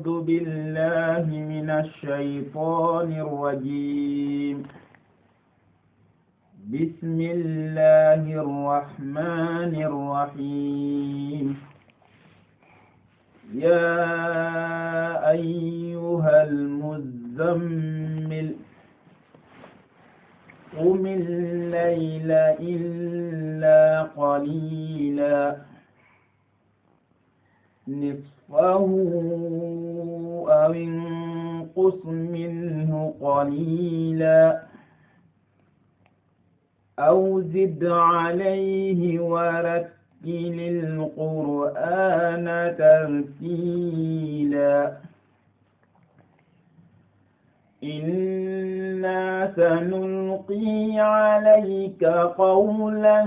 أعوذ بالله من الشيطان الرجيم بسم الله الرحمن الرحيم يا أيها المزمل قم الليل إلا قليلا نصفه نصفه أو انقص منه قليلا أو زد عليه ورتل القرآن ترتيلا إنا سنلقي عليك قولا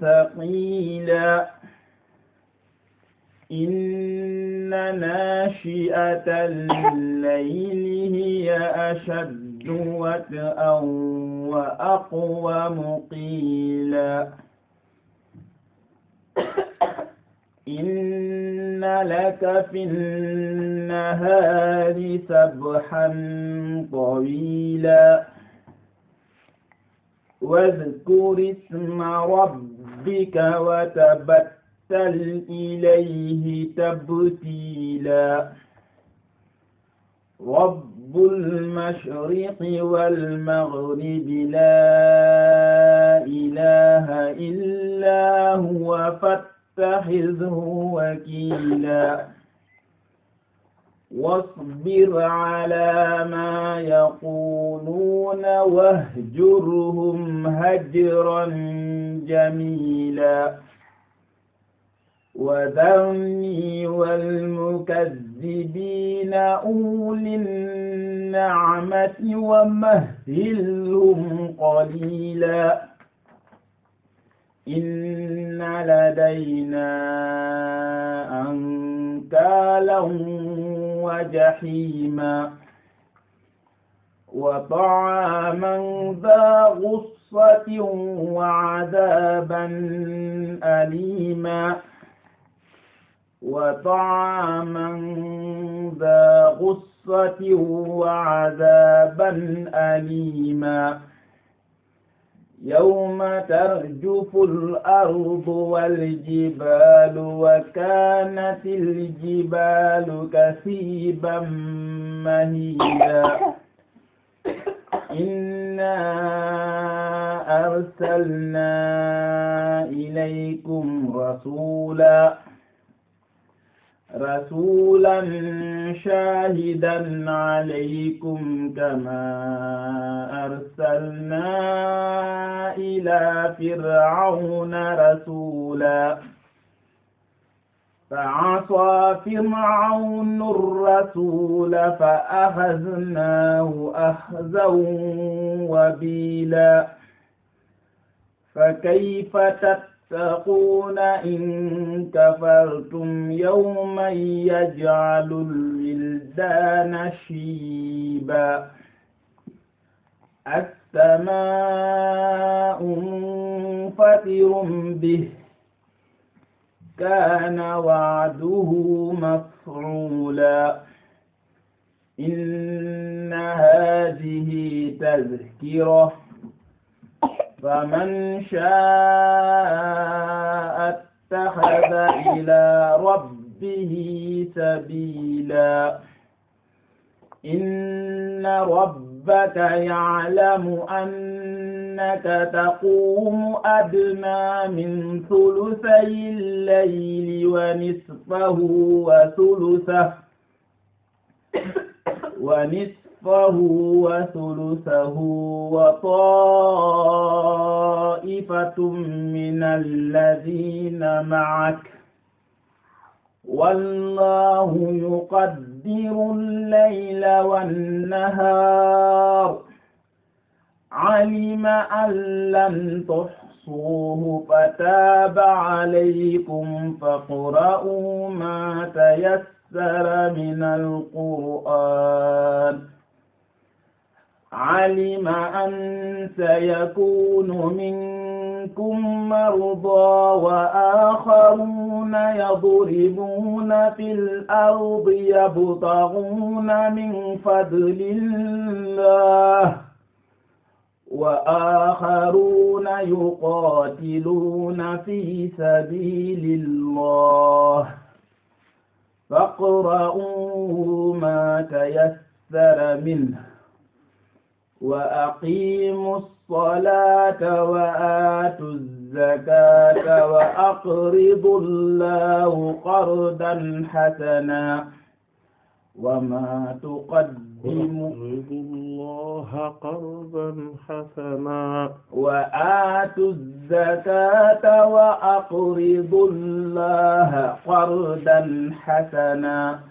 ثقيلا inna naashi'atal layli hiya ashaddu wat'an wa aqwamu qiila inna laka fin-nahaari sabhan tawiila wadhkur isma rabbika wa tabakkal فَسَلْ إِلَيْهِ تَبْتِيلًا رب المشرق والمغرب لا إله إلا هو فاتخذه وكيلا واصبر على ما يقولون واهجرهم هجرا جميلا وذرني والمكذبين أولي النعمة ومهلهم قليلا إن لدينا أنكالا وجحيما وطعاما ذا غصة وعذابا أليما وطعاما ذا غصة وعذابا أليما يوم ترجف الأرض والجبال وكانت الجبال كثيبا مهيلا إنا أرسلنا إليكم رسولا رسولا شاهدا عليكم كما أرسلنا إلى فرعون رسولا فعصى فرعون الرسول فأخذناه أخذا وبيلا فكيف تتقون تتقون إن كفرتم يوما يجعل الولدان شيبا السماء منفطر به كان وعده مفعولا إن هذه تذكره faman sha'a ittakhadha ila rabbihi sabila inna rabbaka ya'lamu annaka taqumu adna min thuluthayi al-layli wa nisfahu wa thuluthahu wa nisfahu نصفه وثلثه وطائفة من الذين معك والله يقدر الليل والنهار علم أن لم تحصوه فتاب عليكم فاقرؤوا ما تيسر من القرآن علم أن سيكون منكم مرضى وآخرون يضربون في الأرض يبتغون من فضل الله وآخرون يقاتلون في سبيل الله فاقرؤوا ما تيسر منه wa aqiimu salaata wa aatu zakaata wa aqridu llaahu qardan hasanan wa maa tuqaddimu aqridu llaaha qardan hasanan wa aatu zakaata wa aqridu llaaha qardan hasanan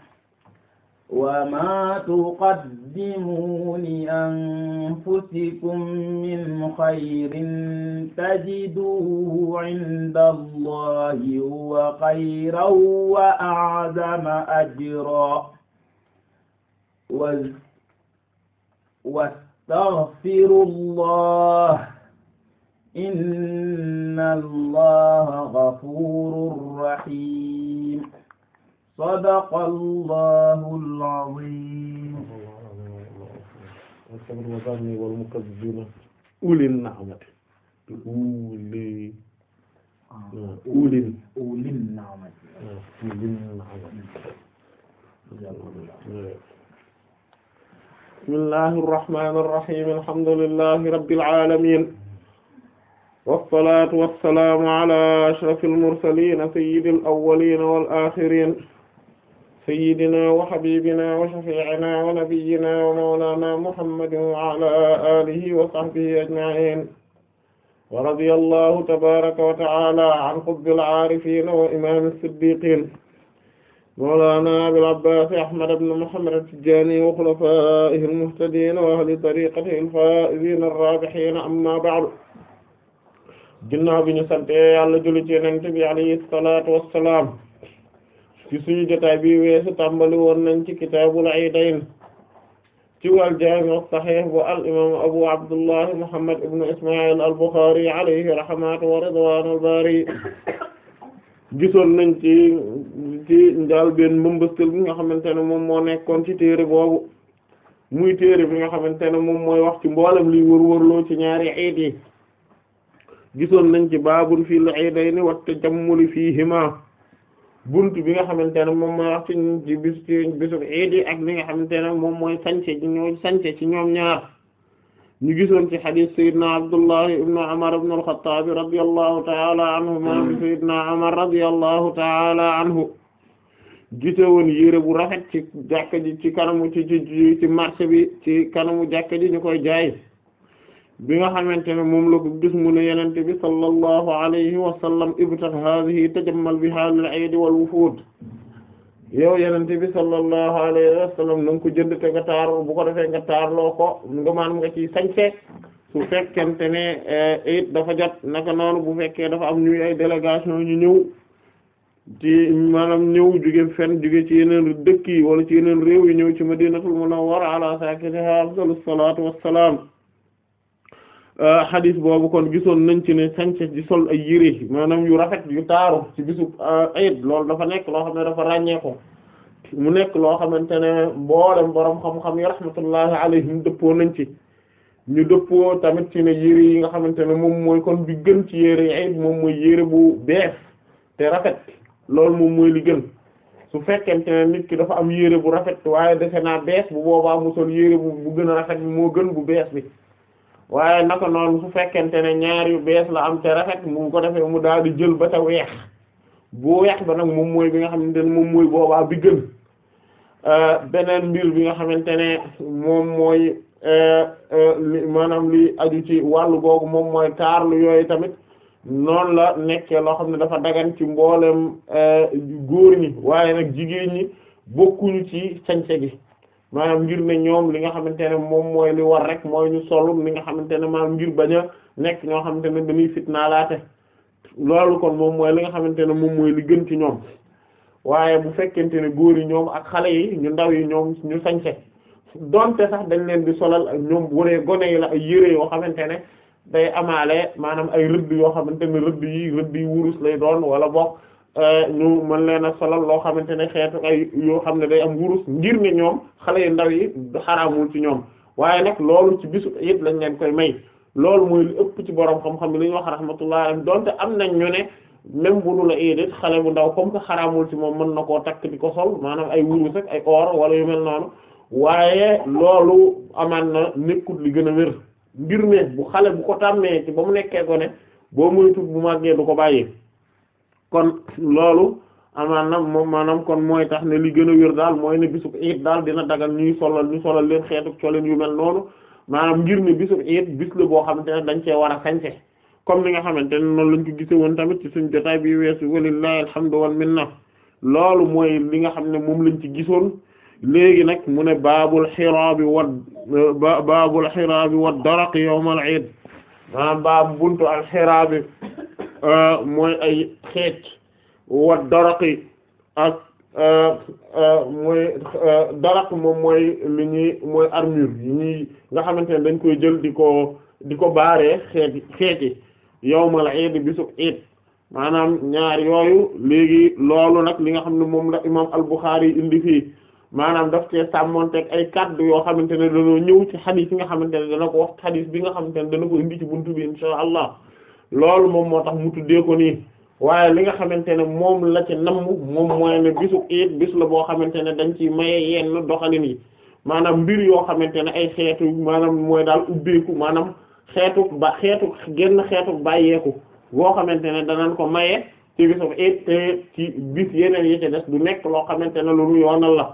وما تقدموا لأنفسكم من خير تجدوه عند الله هو خيرا وأعظم أجرا واستغفروا الله إن الله غفور رحيم sadaqallaahul aziim wasabni wal mukazzibina ulin ni'mati ulin ulin ulin ni'mati ulin ni'mati bismillahir rahmanir rahim alhamdulillahi rabbil alamin was-salatu was-salamu ala ashrafil mursalin sayyidil awwalin wal akhirin sayyidina wa habibina wa shafi'ina wa nabiyyina wa mawlana muhammadin wa ala alihi wa sahbihi ajma'in wa radiyallahu tabaraka wa ta'ala an qutbil aarifin wa imam as-siddiqin mawlana abil abbas ahmad ibn muhammad at-tijani wa khulafaa'ihi al-muhtadin wa ahli tariqatihi al-faa'izin ar-raabihin amma ba'du ginnaaw bi ñu sante Yàlla julli ci Yonent bi alayhi salaatu wa salaam ci suñu jotaay bi weesu tàmbali woon nañ ci kitaabul iidayn ci wàl jaami saxiix bu al imaamu abu abdullah muhammad ibnu ismail al buxaari alayhi rahmatu wa ridwaanul baari gisoon nañ ci ci njaal benn mbëmbastal bi nga xamante ne moom moo nekkoon ci téere boobu muy téere bi nga xamante ne moom mooy wax ci mboolem liy wër-wërloo ci ñaari iid gisoon nañ ci baabun fil iidayni wat tajammuli fiihimaa bunt bi nga xamante ne moom mooy wax ci bis ci bisub ak li nga xamante ne moom mooy sance ci ñoo sance ci ñoom ñaar ñu gisoon ci xadis sayidna abdullahi ibnu amar ibnu alxataabi radi allahu taala anhu gise woon yére bu rafet ci ji ci kanamu ci ci bi ci kanamu jàkka ji ñu koy jaay bi nga xamante ne moom la ko gis mu ne yonent bi sallallahu alayhi wa sallam ibtah bi tajammal biha lil ayd wal wufud yow yonent bi sallallahu alayhi wa sallam na ko jënd te nga taar bu ko defee nga taarloo ko nga maanaam nga ciy sañse su fekkente ne eh, it dafa jat naka noonu bu fekkee dafa am ñuy ay délégation ñu ñëw ci maanaam ñëw jóge fen jóge ci yeneen dëkk yi wala ci yeneen réew yi ñëw ci madinatul munawwara ala saakinihaa afdalu salaatu wassalaam Euh, xadis boobu kon gisoon nañ ci ne sànq ci sol a yére maanaam yu rafet yu taaru ci bisu euh, ayib loolu dafa nekk loo xam ne dafa ràññeeku mu nekk loo xamante ne mboolem borom xam-xam yi rahmatullahi alayhim dëppoo nañ ci ñu dëppoo tamit ci ne yére yi nga xamante ne moom mooy kon bu gën ci yére yi ayib moom mooy yére bu bees te rafet loolu moom mooy li gën su fekkente ne nit ki dafa am yére bu rafet waaye defe naa bees bu boobaa mu sol yére bu bu gën a moo gën bu bees bi. waaye naka noonu su fekkente ne ñaar yu bees la am te rafet mu ko defee mu daal di jël ba ta weex bu weex ba nag moom mooy bi nga xamante ne moom mooy boobaa bi gën euh, beneen mbir bi nga xamante ne moom mooy euh, euh, maanaam li aju ci wàllu googu moom mooy taarlu yooyu tamit noonu la nekkee loo xam ne dafa dagan ci mboolem góor ñi waaye nag jigéen ñi bokkuñu ci sañse gi maanaam ngir ne ñoom li nga xamante ne moom mooy li war rek mooy ñu solum li nga xamante ne maanaam ngir bañ a nekk ñoo xamante ne dañuy fitnaalaate loolu kon moom mooy li nga xamante ne moom mooy li gën ci ñoom waaye bu fekkente ne góor yi ñoom ak xale yi ñu ndaw yi ñoom ñu sañse donte tax dañ leen di solal ak ñoom wuree gone yi la ay yére yoo xamante ne day amaale maanaam ay rëdd yoo xamante ne rëdd yi rëdd yi wurus lay doon wala bokk Euh, ñu mën leen a solal loo xamante ne xeetu ay yoo xam ne day am wurus ngir ne ñoom xale yu ndaw yi xaraamul ci ñoom waaye nag loolu ci bisu it lañ leen koy may loolu mooy ëpp ci borom xam-xam li ñuy wax rahmatullah alayhi donte am nañ ñu ne même bu nu la éedéet xale bu ndaw comme que xaraamul ci moom mën na koo takk di ko sol maanaam ay wurus ak ay or wala yu mel noonu waaye loolu amaan na nekkut li gën a wér ngir ne bu xale bu ko tàmmee ci ba mu nekkee ko ne boo moytu bu màggee du ko bàyyi. kon loolu maanaam moom maanaam kon mooy tax ne li gën a wér daal mooy ne bisub iit daal dina dagal ñuy solal ñu solal leen xeetu coleen yu mel noonu maanaam ngir ne bisub iit bis la boo xam ne dañ cee war a sañse comme ni nga xamante ne noonu lañ ko gise woon tamit ci suñ jotaay bi weesu walillahi alhamdu wal minna loolu mooy li nga xam ne moom lañ ci gisoon léegi nag mu ne baabul xiraabi wa baabul xiraabi wa daraq yawmal iid maanaam baab buntu al xiraabi Euh, mooy ay xeec wa daraqi ak euh, euh, mooy moom mooy li ñuy mooy armure yi ñuy nga xamante ne dañ koy jël di ko di ko baaree xeet xeeti yawmal iid bisu iid maanaam ñaar yooyu léegi loolu nag li nga xam ne moom la imaam al-Bukhari indi fii maanaam daf cee sàmmonteeg ay kaddu yoo xamante ne dañoo ñëw ci xadis yi nga xamante ne dana ko wax bi nga xamante ne dana ko indi ci buntu bi insha allah loolu moom moo tax mu tuddee ko nii waaye li nga xamante ne moom la ci namm moom mooy ne bisu iid bis la boo xamante ne dañ ci maye yenn doxalin yi maanaam mbir yoo xamante ne ay xeetu maanaam mooy daal ubbeeku maanaam xeetu ba xeetu genn xeetu bàyyeeku boo xamante ne danañ ko maye ci bisu iid te ci bis yeneen yi ci des du nekk loo xamante ne lu ñu yoonal la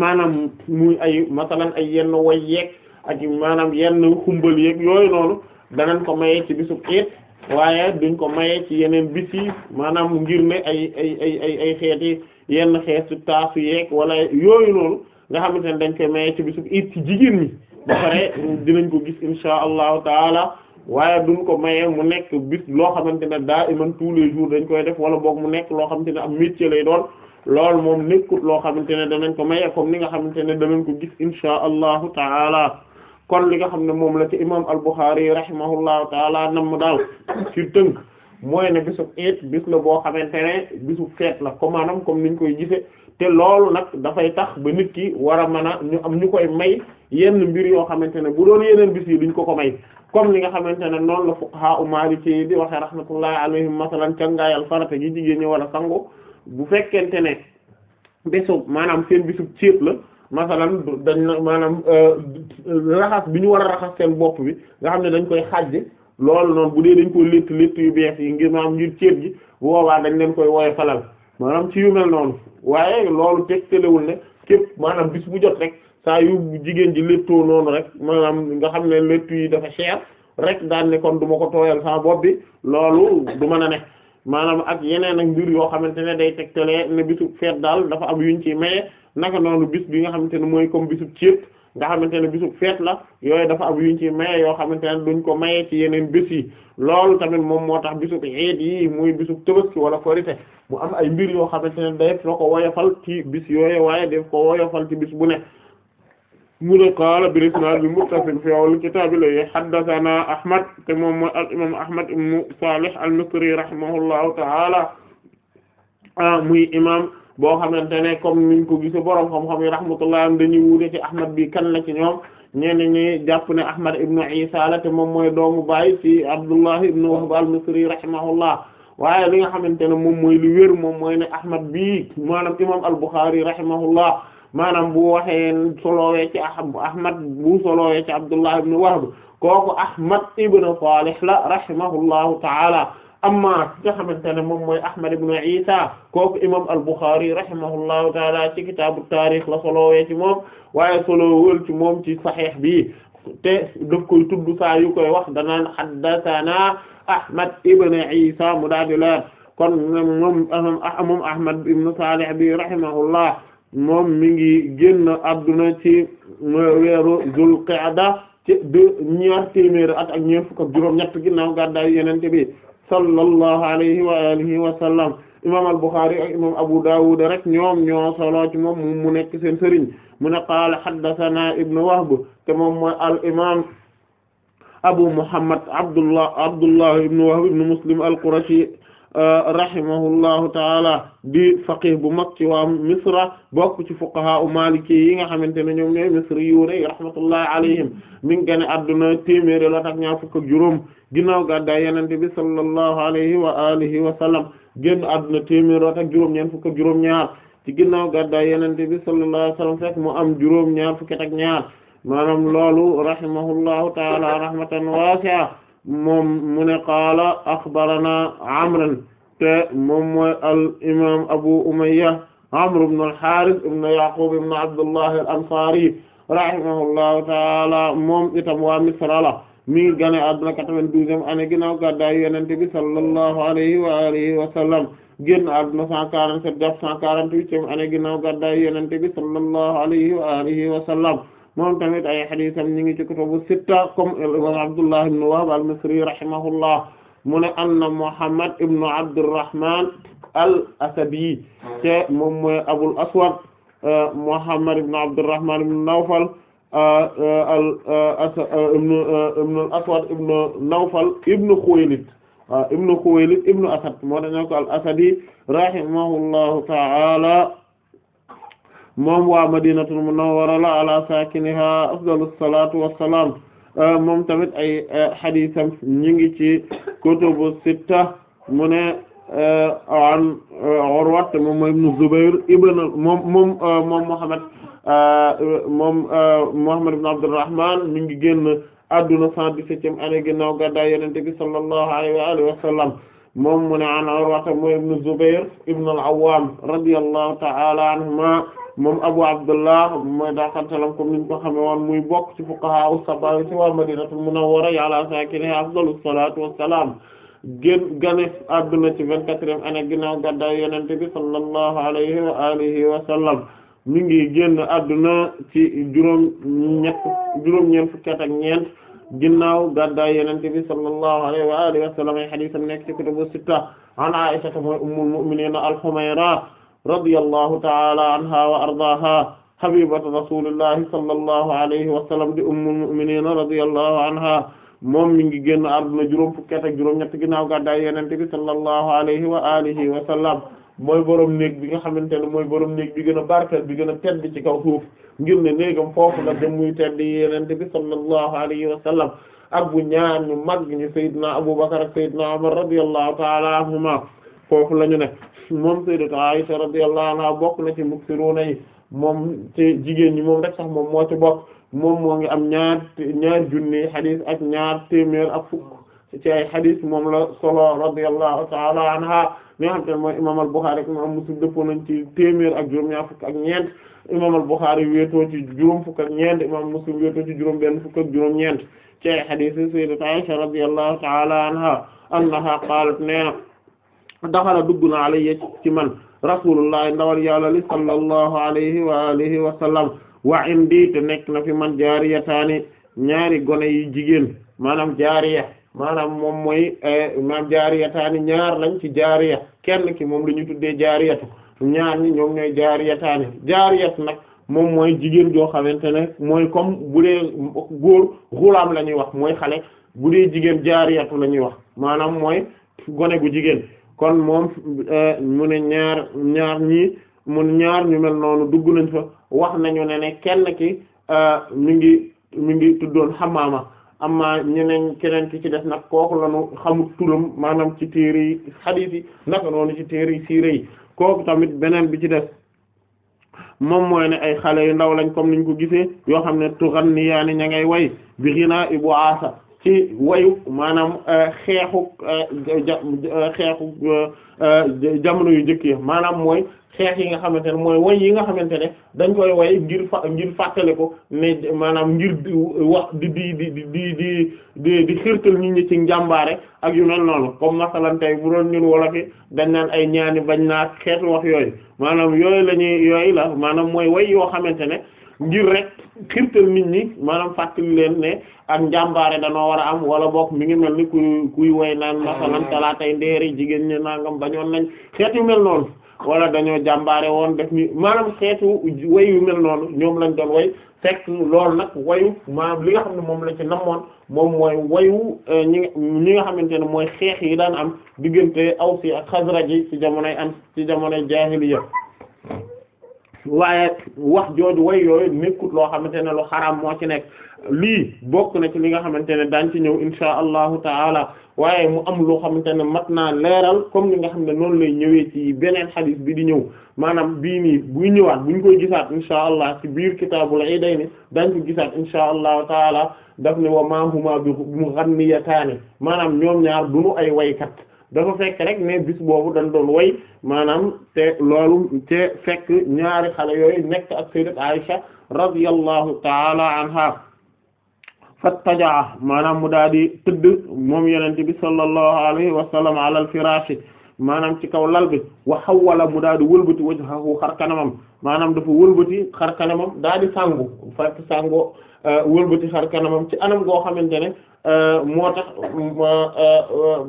maanaam muy ay masalan ay yenn way yeeg ak maanaam yenn xumbal yeeg yooyu noonu danañ ko maye ci bisub iid waaye duñ ko maye ci yeneen bis maanaam ngir ne ay ay ay ay ay xeeti yenn xeetu taasu yeeg wala yooyu noonu nga xamante dañ koy maye ci bisub iid ci jigéen ñi ba pare dinañ ko gis insha allahu taala waaye duñ ko maye mu nekk bis loo xamante ne daa iman tous les jours dañ koy def wala boog mu nekk loo xamante ne am métier lay doon lool moom nekkut loo xamante ne danañ ko maye comme ni nga xamante ne danañ ko gis insha allahu taala kon li nga xam ne moom la ci imam al-Bukhari rahimahullahu taala nam daal ci tënk mooy ne bisu bis la boo xamante ne bisu feet la ko maanaam comme niñ koy gisee te loolu nag dafay tax ba nit ki war a mën a ñu am ñu koy may yenn mbir yoo xamante ne bu doon yeneen bis yi duñ ko ko may comme li nga xamante ne noonu la fuqaha u Maliki di waxee rahmatullahi alayhim masalan cangaayal farata gi jigéen ñi war a sangu bu fekkente ne bésu maanaam seen bisu céet la masalan dañ na maanaam euh, raxas bi ñu war a raxas seen bopp bi nga xam ne dañ koy xàjj loolu noonu bu dee dañ koy létt létt yu bees yi ngir maanaam ngir ceeb gi boobaa dañ leen koy wooye falal maanaam ci yu mel noonu waaye loolu teg telewul ne képp maanaam bis bu jot rek saa yu jigéen ji léttoo noonu rek maanaam nga xam ne létt yi dafa cher rek daan ne kon du ma ko tooyal saa bopp bi loolu du mën a ne maanaam ak yeneen ak mbir yoo xamante ne day tegtale ne bisu feet daal dafa am yuñ ci maye naka noonu bis bi nga xamante ne mooy comme bisub ceeb nga xamante ne bisub feet la yooyu dafa am yuñ ci maye yoo xamante ne duñ ko mayee ci yeneen bés yi loolu tamit moom moo tax bisub eed yi muy bisub Tabaski wala Korité mu am ay mbir yoo xamante ne daf na ko woyofal ci bis yooyu waaye daf ko woyofal ci bis bu ne mu ne qaala bil isnaad bi muttasil fi awwal kitaab li haddathana Ahmad te moom mooy al imaam Ahmad ibn Salih al-Misri rahimahullahu ta'ala muy imaam boo xamante ne comme niñ ko gisee borom xam-xam yi rahmatullah am dañuy wuute ci Ahmad bi kan la ci ñoom ñenn ñi jàpp ne Ahmad ibnu Isa la te moom mooy doomu baay ci Abdullah ibnu Wahb al-Misri rahimahullah waaye li nga xamante ne moom mooy lu wér moom mooy ne Ahmad bii maanaam imam al-Bukhari rahimahullah maanaam bu waxee solowee ci Ahmad bu solowee ci Abdullah ibnu Wahb kooku Ahmad ibnu Salih la rahimahullahu ta'ala amma ki nga xamante ne moom mooy Ahmad ibn Isa kooku imam al-Bukhari rahimahullahu taala ci kitaabu taarix la solowee ci moom waaye solowul ci moom ci saxiix bi te daf koy tudd saa yu koy wax danaan haddathana Ahmad ibn Isa mu daa di leer kon moom moom Ahmad ibn Salih bi rahimahullah moom mi ngi génn adduna ci weeru Zulqa'da ci deux ñaar téeméer at ak ñeent fukk ak juróom-ñett ginnaaw gàddaay Yonent bi sallallahu alayhi wa alihi wa sallam imam al-Bukhari ak imam Abu Dawud rek ñoom ñoo solo ci moom mu nekk seen sëriñ mu ne qaala haddathana ibnu Wahb te moom mooy al imam Abu Muhammad Abdullah Abdullah ibnu Wahb ibnu Muslim al-Qurashi rahimahullahu taala di faqih bu mag ci waa misra bokk ci fuqaha u maliki yi nga xamante ne ñoom ñooy misri yu ne rahmatullahi alayhim mi gane adduna téeméeri la ak ñaar fukk ak juróom ginnaaw gàddaay yenente bi sallallahu alayhi wa alihi wa sallam génn adduna téeméeri la ak juróom ñeent fukk ak ñaar ci ginnaaw gàddaay yenente bi sallallahu wa sallam fekk mu am juróom ñaar fukk tak ñaar maanaam loolu rahimahullahu taala rahmatan moom mu ne qaala axbarana amran te moom mooy al imam abu umayya amr ibn al harith ibn yaqub ibn abdullah al ansari rahimahullahu taala moom itam waa misra la mi ngi gane àdduna 92e année ginnaaw gàddaay yonent bi sallallahu alayhi wa alihi wa sallam génn àdduna 147 jàpp 148e année ginnaaw gàddaay yonent bi sallallahu alayhi wa alihi moom tamit ay xadiisam ñi ngi ci kutubu sitta comme imam Abdullah ibn Wahb al-Misri rahimahullah mu ne anna Muhammad ibn Abdurrahman al-Asadi te moom mooy Abul Aswad euh, Muhammad ibn Abdurrahman ibn Nawfal euh, euh, ibn al-Aswad ibn Nawfal ibn Khuwaylid ibn Khuwaylid ibn Asad moo dañu ko al-Asadi rahimahullahu ta'ala moom waa madinatul munawwara la ala saakiniha afdalus salaatu wassalaam euh, moom tamit ay xadiisam euh, ñi ngi ci kutubu sitta mu ne euh, an Urwa moom mooy ibnu Zubayr ibn moom moom moom Muhammad moom Muhammad ibn Abdurrahman mi ngi génn adduna 117e année ginnaaw gàddaay Yonent bi sallallahu alayhi wa alihi wa sallam moom mu ne an Urwa mooy ibnu Zubayr ibn al-Awwam radiyallahu ta'ala anhuma moom Abu Abdullah mooy daaxantalam comme niñ ko xame woon muy bokk ci fuqaha as-sab'a ci waa Madinatul Munawwara ala saakinihaa afdalu salaatu wassalaam gén gane adduna ci vingt-quatrième année ginnaaw gàddaay Yonent bi sallallahu alayhi wa mi ngi génn adduna ci juróom ñett juróom-ñeent fukki at ak ñeent ginnaaw gàddaay Yonent alayhi wa alihi wa sallam ay hadiis am nekk ci kutubu sitta an Aisha mooy ummul mu'miniina al-Humayra radiyallahu ta'ala anha wa ardaaha habibatu rasulillahi sallallahu alayhi wa sallam di ummul mu'minin radiyallahu anha moom mi ngi génn àdduna juróom fukki at ak juróom ñett ginnaaw gàddaay Yonent bi sallallahu alayhi wa alihi wa sallam mooy borom néeg bi nga xamante ne mooy borom néeg bi gën a barkeel bi gën a tedd ci kaw suuf ngir ne néegam foofu la dem muy tedd Yonent bi sallallahu alayhi wa sallam ak bu ñaar ñu mag ñu Seydina Abubakar ak Seydina Umar radiyallahu ta'ala anhuma foofu la ñu ne moom sayyidatu Aisha radiyallahu anha bokk na ci muksiruna yi moom ci jigéen ñi moom rek sax moom moo ci bokk moom moo ngi am ñaar ñaar junni xadis ak ñaar téeméer ak fukk ci ay xadis moom la solo radiyallahu ta'ala anha mi nga xam ne mooy imam al-Bukhari ak imam Muslim dëppoo nañ ci téeméer ak juróom-ñaar fukk ak ñeent imam al-Bukhari wéetoo ci juróom fukk ak ñeent imam Muslim wéetoo ci juróom benn fukk ak juróom-ñeent ci ay xadis sayyidat Aisha radiyallahu ta'ala anha annaha qalat nee na daxala dugg na alayya ci man rasulullah ndawal yàlla li sallallahu alayhi wa alihi wa sallam wa indi te nekk na fi man jaariyataani ñaari gone yi jigéen maanaam jaariya maanaam moom mooy eh, maam jaariyataani ñaar lañ ci jaariya kenn ki moom la ñu tuddee jaariyatu ñaar ñi ñoom ñooy jaariyataani jaariyat nag moom mooy jigéen joo xamante ne mooy comme bu dee góor xulaam la wax mooy xale bu dee jigéen jaariyatu la ñuy wax maanaam mooy gone gu jigéen kon moom eh, mu ne ñaar ñaar ñi mu ñaar ñu mel noonu dugg nañ fa wax nañu ne ne kenn ki eh, mi ngi mi ngi tuddoon xamaama amma ñeneen keneen ki ci def nag kooku lañu xamul turam maanaam ci téere yi xadiis naka noonu ci téere yi siire yi kooku tamit beneen bi ci def moom mooy ne ay xale yu ndaw lañ comme niñ ko gisee yoo xam ne tuxan ni yaa ni ña ngay way bi xinaa ibu aasa ci wayu maanaam euh, xeexu euh, xeexu euh, jamono yu njëkk yi maanaam mooy xeex yi nga xamante ne mooy way yi nga xamante ne dañ koy way ngir fa ngir fàttale ko ne maanaam ngir wax di di di di di di di xirtal nit ñi ci njàmbaare ak yu mel noonu comme masalan tey bu doon ñun wolof yi dañ naan ay ñaani bañ naa xeetu wax yooyu maanaam yooyu la yooyu la maanaam mooy way yoo xamante ne ngir rek xirtal nit ñi maanaam fàttali leen ne ak njàmbaare danoo war a am wala boog mi ngi mel ni kuy kuy woy naan ah, masalan talaatay ndeeri jigéen ñi nangam bañoon nañ xeet yu mel noonu wala dañoo jàmbaare woon def ni maanaam xeetu woy yu mel noonu ñoom lañ doon woy fekk lool nag woyu maanaam li nga xam ne moom la ci moon moom mooy woyu eh, ñi ñi nga xamante ne mooy xeex yi daan am diggante Aws ak Xasraj yi ci jamonoy am ci jamonoy jaahiliya waaye wax jooju way yooyu nekkut loo xamante ne lu xaraam moo ci nekk lii bokk na ci li nga xamante ne daañ ci ñëw insha allahu taala waaye mu am loo xamante ne mat naa leeral comme li nga xam ne noonu lay ñëwee ci beneen xadis bi di ñëw maanaam bii nii buy ñëwaat buñ koy gisaat insha allah ci biir kitaabul iidayni daañ ko gisaat insha allahu taala daf ne wa ma huma bi mughanniyataani maanaam ñoom ñaar duñu ay waykat dafa fekk rek ne bis boobu dañ doon way maanaam te loolu te fekk ñaari xale yooyu nekk ak sayyidat Aisha radiyallahu taala anha fattajaa maanaam mu daal di tëdd moom yenente bi sallallahu alayhi wa sallam ala maanaam ci kaw lal bi wa hawwala mu daal wulbuti wëlbati wajhahu xar kanamam maanaam dafa wëlbati xar kanamam daal di sangu fekk sango euh, kanamam ci anam goo xamante ne Euh, moo tax euh, euh,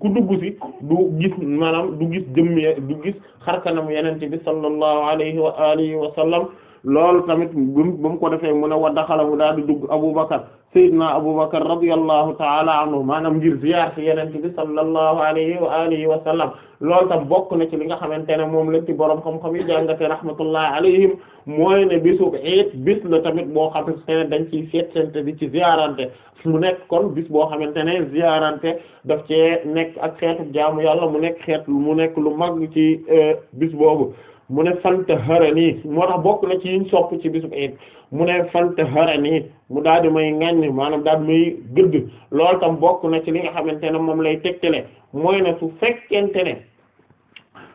ku dugg ci du gis maanaam du gis jëmm du gis xarkanam yenente bi sallallahu alayhi wa alihi wa sallam loolu tamit bum ba mu ko defee mu ne wa daxala mu daal di dugg Abubakar Seydina Abubakar radiyallahu ta'ala anhu maanaam ngir ziyaar ci yenente bi sallallahu alayhi wa alihi wa sallam loolu tam bokk na ci li nga xamante ne moom lañ ci boroom xam-xam yi jàngate rahmatullahi alayhim mooy ne bisu iit bis la tamit boo xamante ne dañ ciy seetlante di ci ziyaarante mu nekk kon bis boo xamante ne ziarante daf cee nekk ak xeetu jaamu yàlla mu nekk xeet mu nekk lu mag ci euh, bis boobu mu ne fanta harani moo tax bokk na ci yiñ sopp ci bisu it mu ne fanta harani mu daal di may ŋaññ maanaam daal di may gëdd loolu tam bokk na ci li nga xamante ne moom lay tegtale mooy ne su fekkente ne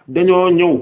dañoo ñëw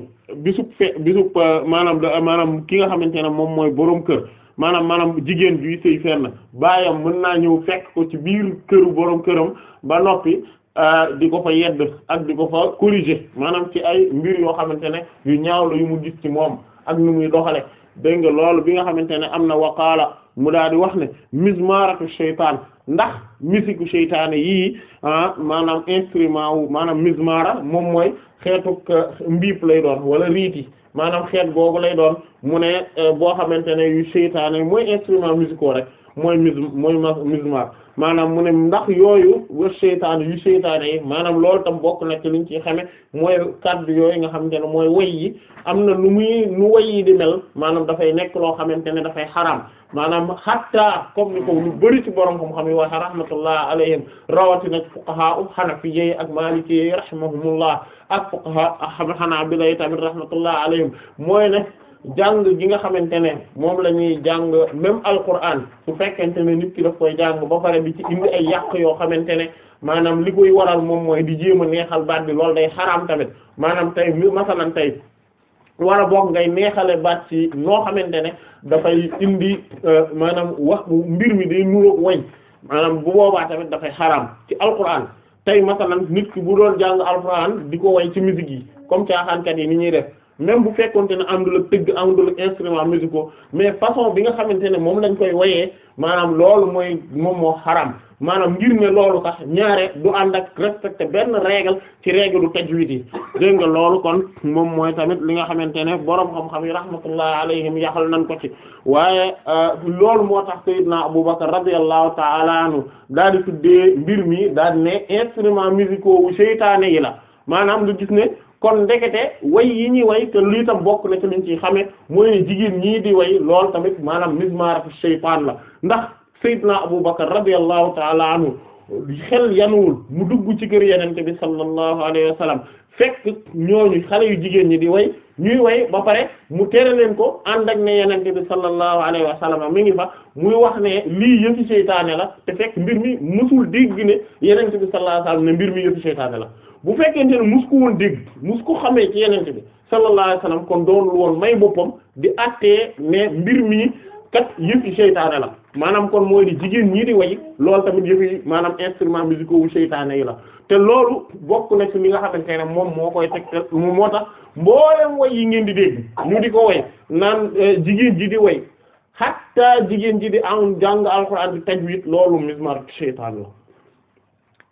bisub fe bisub euh, maanaam maanaam ki nga xamante ne moom mooy borom kër maanaam maanaam jigéen juy sëy fenn baayam mën naa ñëw fekk ko ci biir këru borom këram ba noppi ah, di ko fa yedd ak di ko fa corriger maanaam ci ay mbir yoo xamante ne yu ñaaw la yu mu gis ci moom ak nu muy doxale dégg nga loolu bi nga xamante ne am na waqaala mu daal di wax ne mismaaratu shaytaan ndax misiku seytaane yii ah maanaam instrument wu maanaam mismara moom mooy xeetuk ah, mbiip lay doon wala riiti maanaam xeet googu lay doon mu ne euh, boo xamante ne yu seytaane mooy instrument musicaux rek mooy mus mooy musmar maanaam mu ne ndax yooyu wa seytaane yu seytaane yi maanaam loolu tam bokk na ci liñ ci xame mooy kàddu yooyu nga xamante ne mooy way yi am na nu muy nu way yi di mel maanaam dafay nekk loo xamante ne dafay xaram maanaam hatta comme ni ko lu bari ci borom xam-xam yi wax rahmatullah alayhim rawatina fuqaha u hanafiyye ak maliki rahimahumullah ak fuqaha hanabila tamit rahmatullah alayhim mooy ne jàng gi nga xamante ne moom la ñuy jàng même alquran su fekkente ne nit ki daf koy jàng ba pare bi ci indi ay yàq yoo xamante ne maanaam li koy waral moom mooy di jéem a neexal baat bi loolu day xaraam tamit maanaam tey masalan tey war a ngay neexale baat ci noo xamante ne dafay indi euh, maanaam wax mbir mi day nuroog wañ maanaam bu boobaa tamit dafay xaraam ci alquran tey masalan nit ki bu doon jàng alquran di ko way ci musique yi comme ci caaxaankat yi ni ñuy def même bu fekkonte ne àndul ak tëgg àndul ak instrument musicaux mais façon bi nga xamante ne moom lañ koy wayee maanaam loolu mooy moom moo xaraam maanaam ngir ne loolu sax ñaare du ànd ak respecté benn règle ci règle du tajwid yi dégg nga loolu kon moom mooy tamit li nga xamante ne borom xam-xam yi rahmatullah alayhim yaxal nañ ko ci waaye euh, loolu moo tax sayyidna Abubakar radiyallahu ta'ala anhu daal di tuddee mbir mi daal di ne instrument musicaux yi la maanaam nga gis ne kon ndekete way yi ñuy way te lii tam bokk na ci liñ ci xamee mooy ne jigéen ñii di way lool tamit maanaam mismar shaytan la ndax Seydina Abubakar radiyallahu taala anhu xel yanuwul mu dugg ci kër yenente bi sallallahu alayhi wa sallam fekk ñooñu xale yu jigéen ñi di way ñuy way ba pare mu tere leen ko ànd ak ne yenente bi sallallahu alayhi wa sallam mi ngi fa muy wax ne lii yëfi seytaane la te fekk mbir mi musul dégg ne yenente bi sallallahu alayhi wa ne mbir mi yëfi seytaane la bu fekkente ne mus ko woon dégg mus ko xamee ci yenente bi sallallahu alayhi wa sallam kon doonul woon may boppam di attee ne mbir mi kat yëfi seytaane maanaam kon moo di jigéen ñii di way loolu tamit yëfi maanaam instrument musicaux wu seytaane yi la te loolu bokk na ci li nga xamante ne moom moo koy teg tegtal moo tax mboolem way yi ngeen di dégg ñu di ko way naan eh, jigéen ji di way xatta jigéen ji di am jàng alxuraan di tajwid loolu mizmar seytaane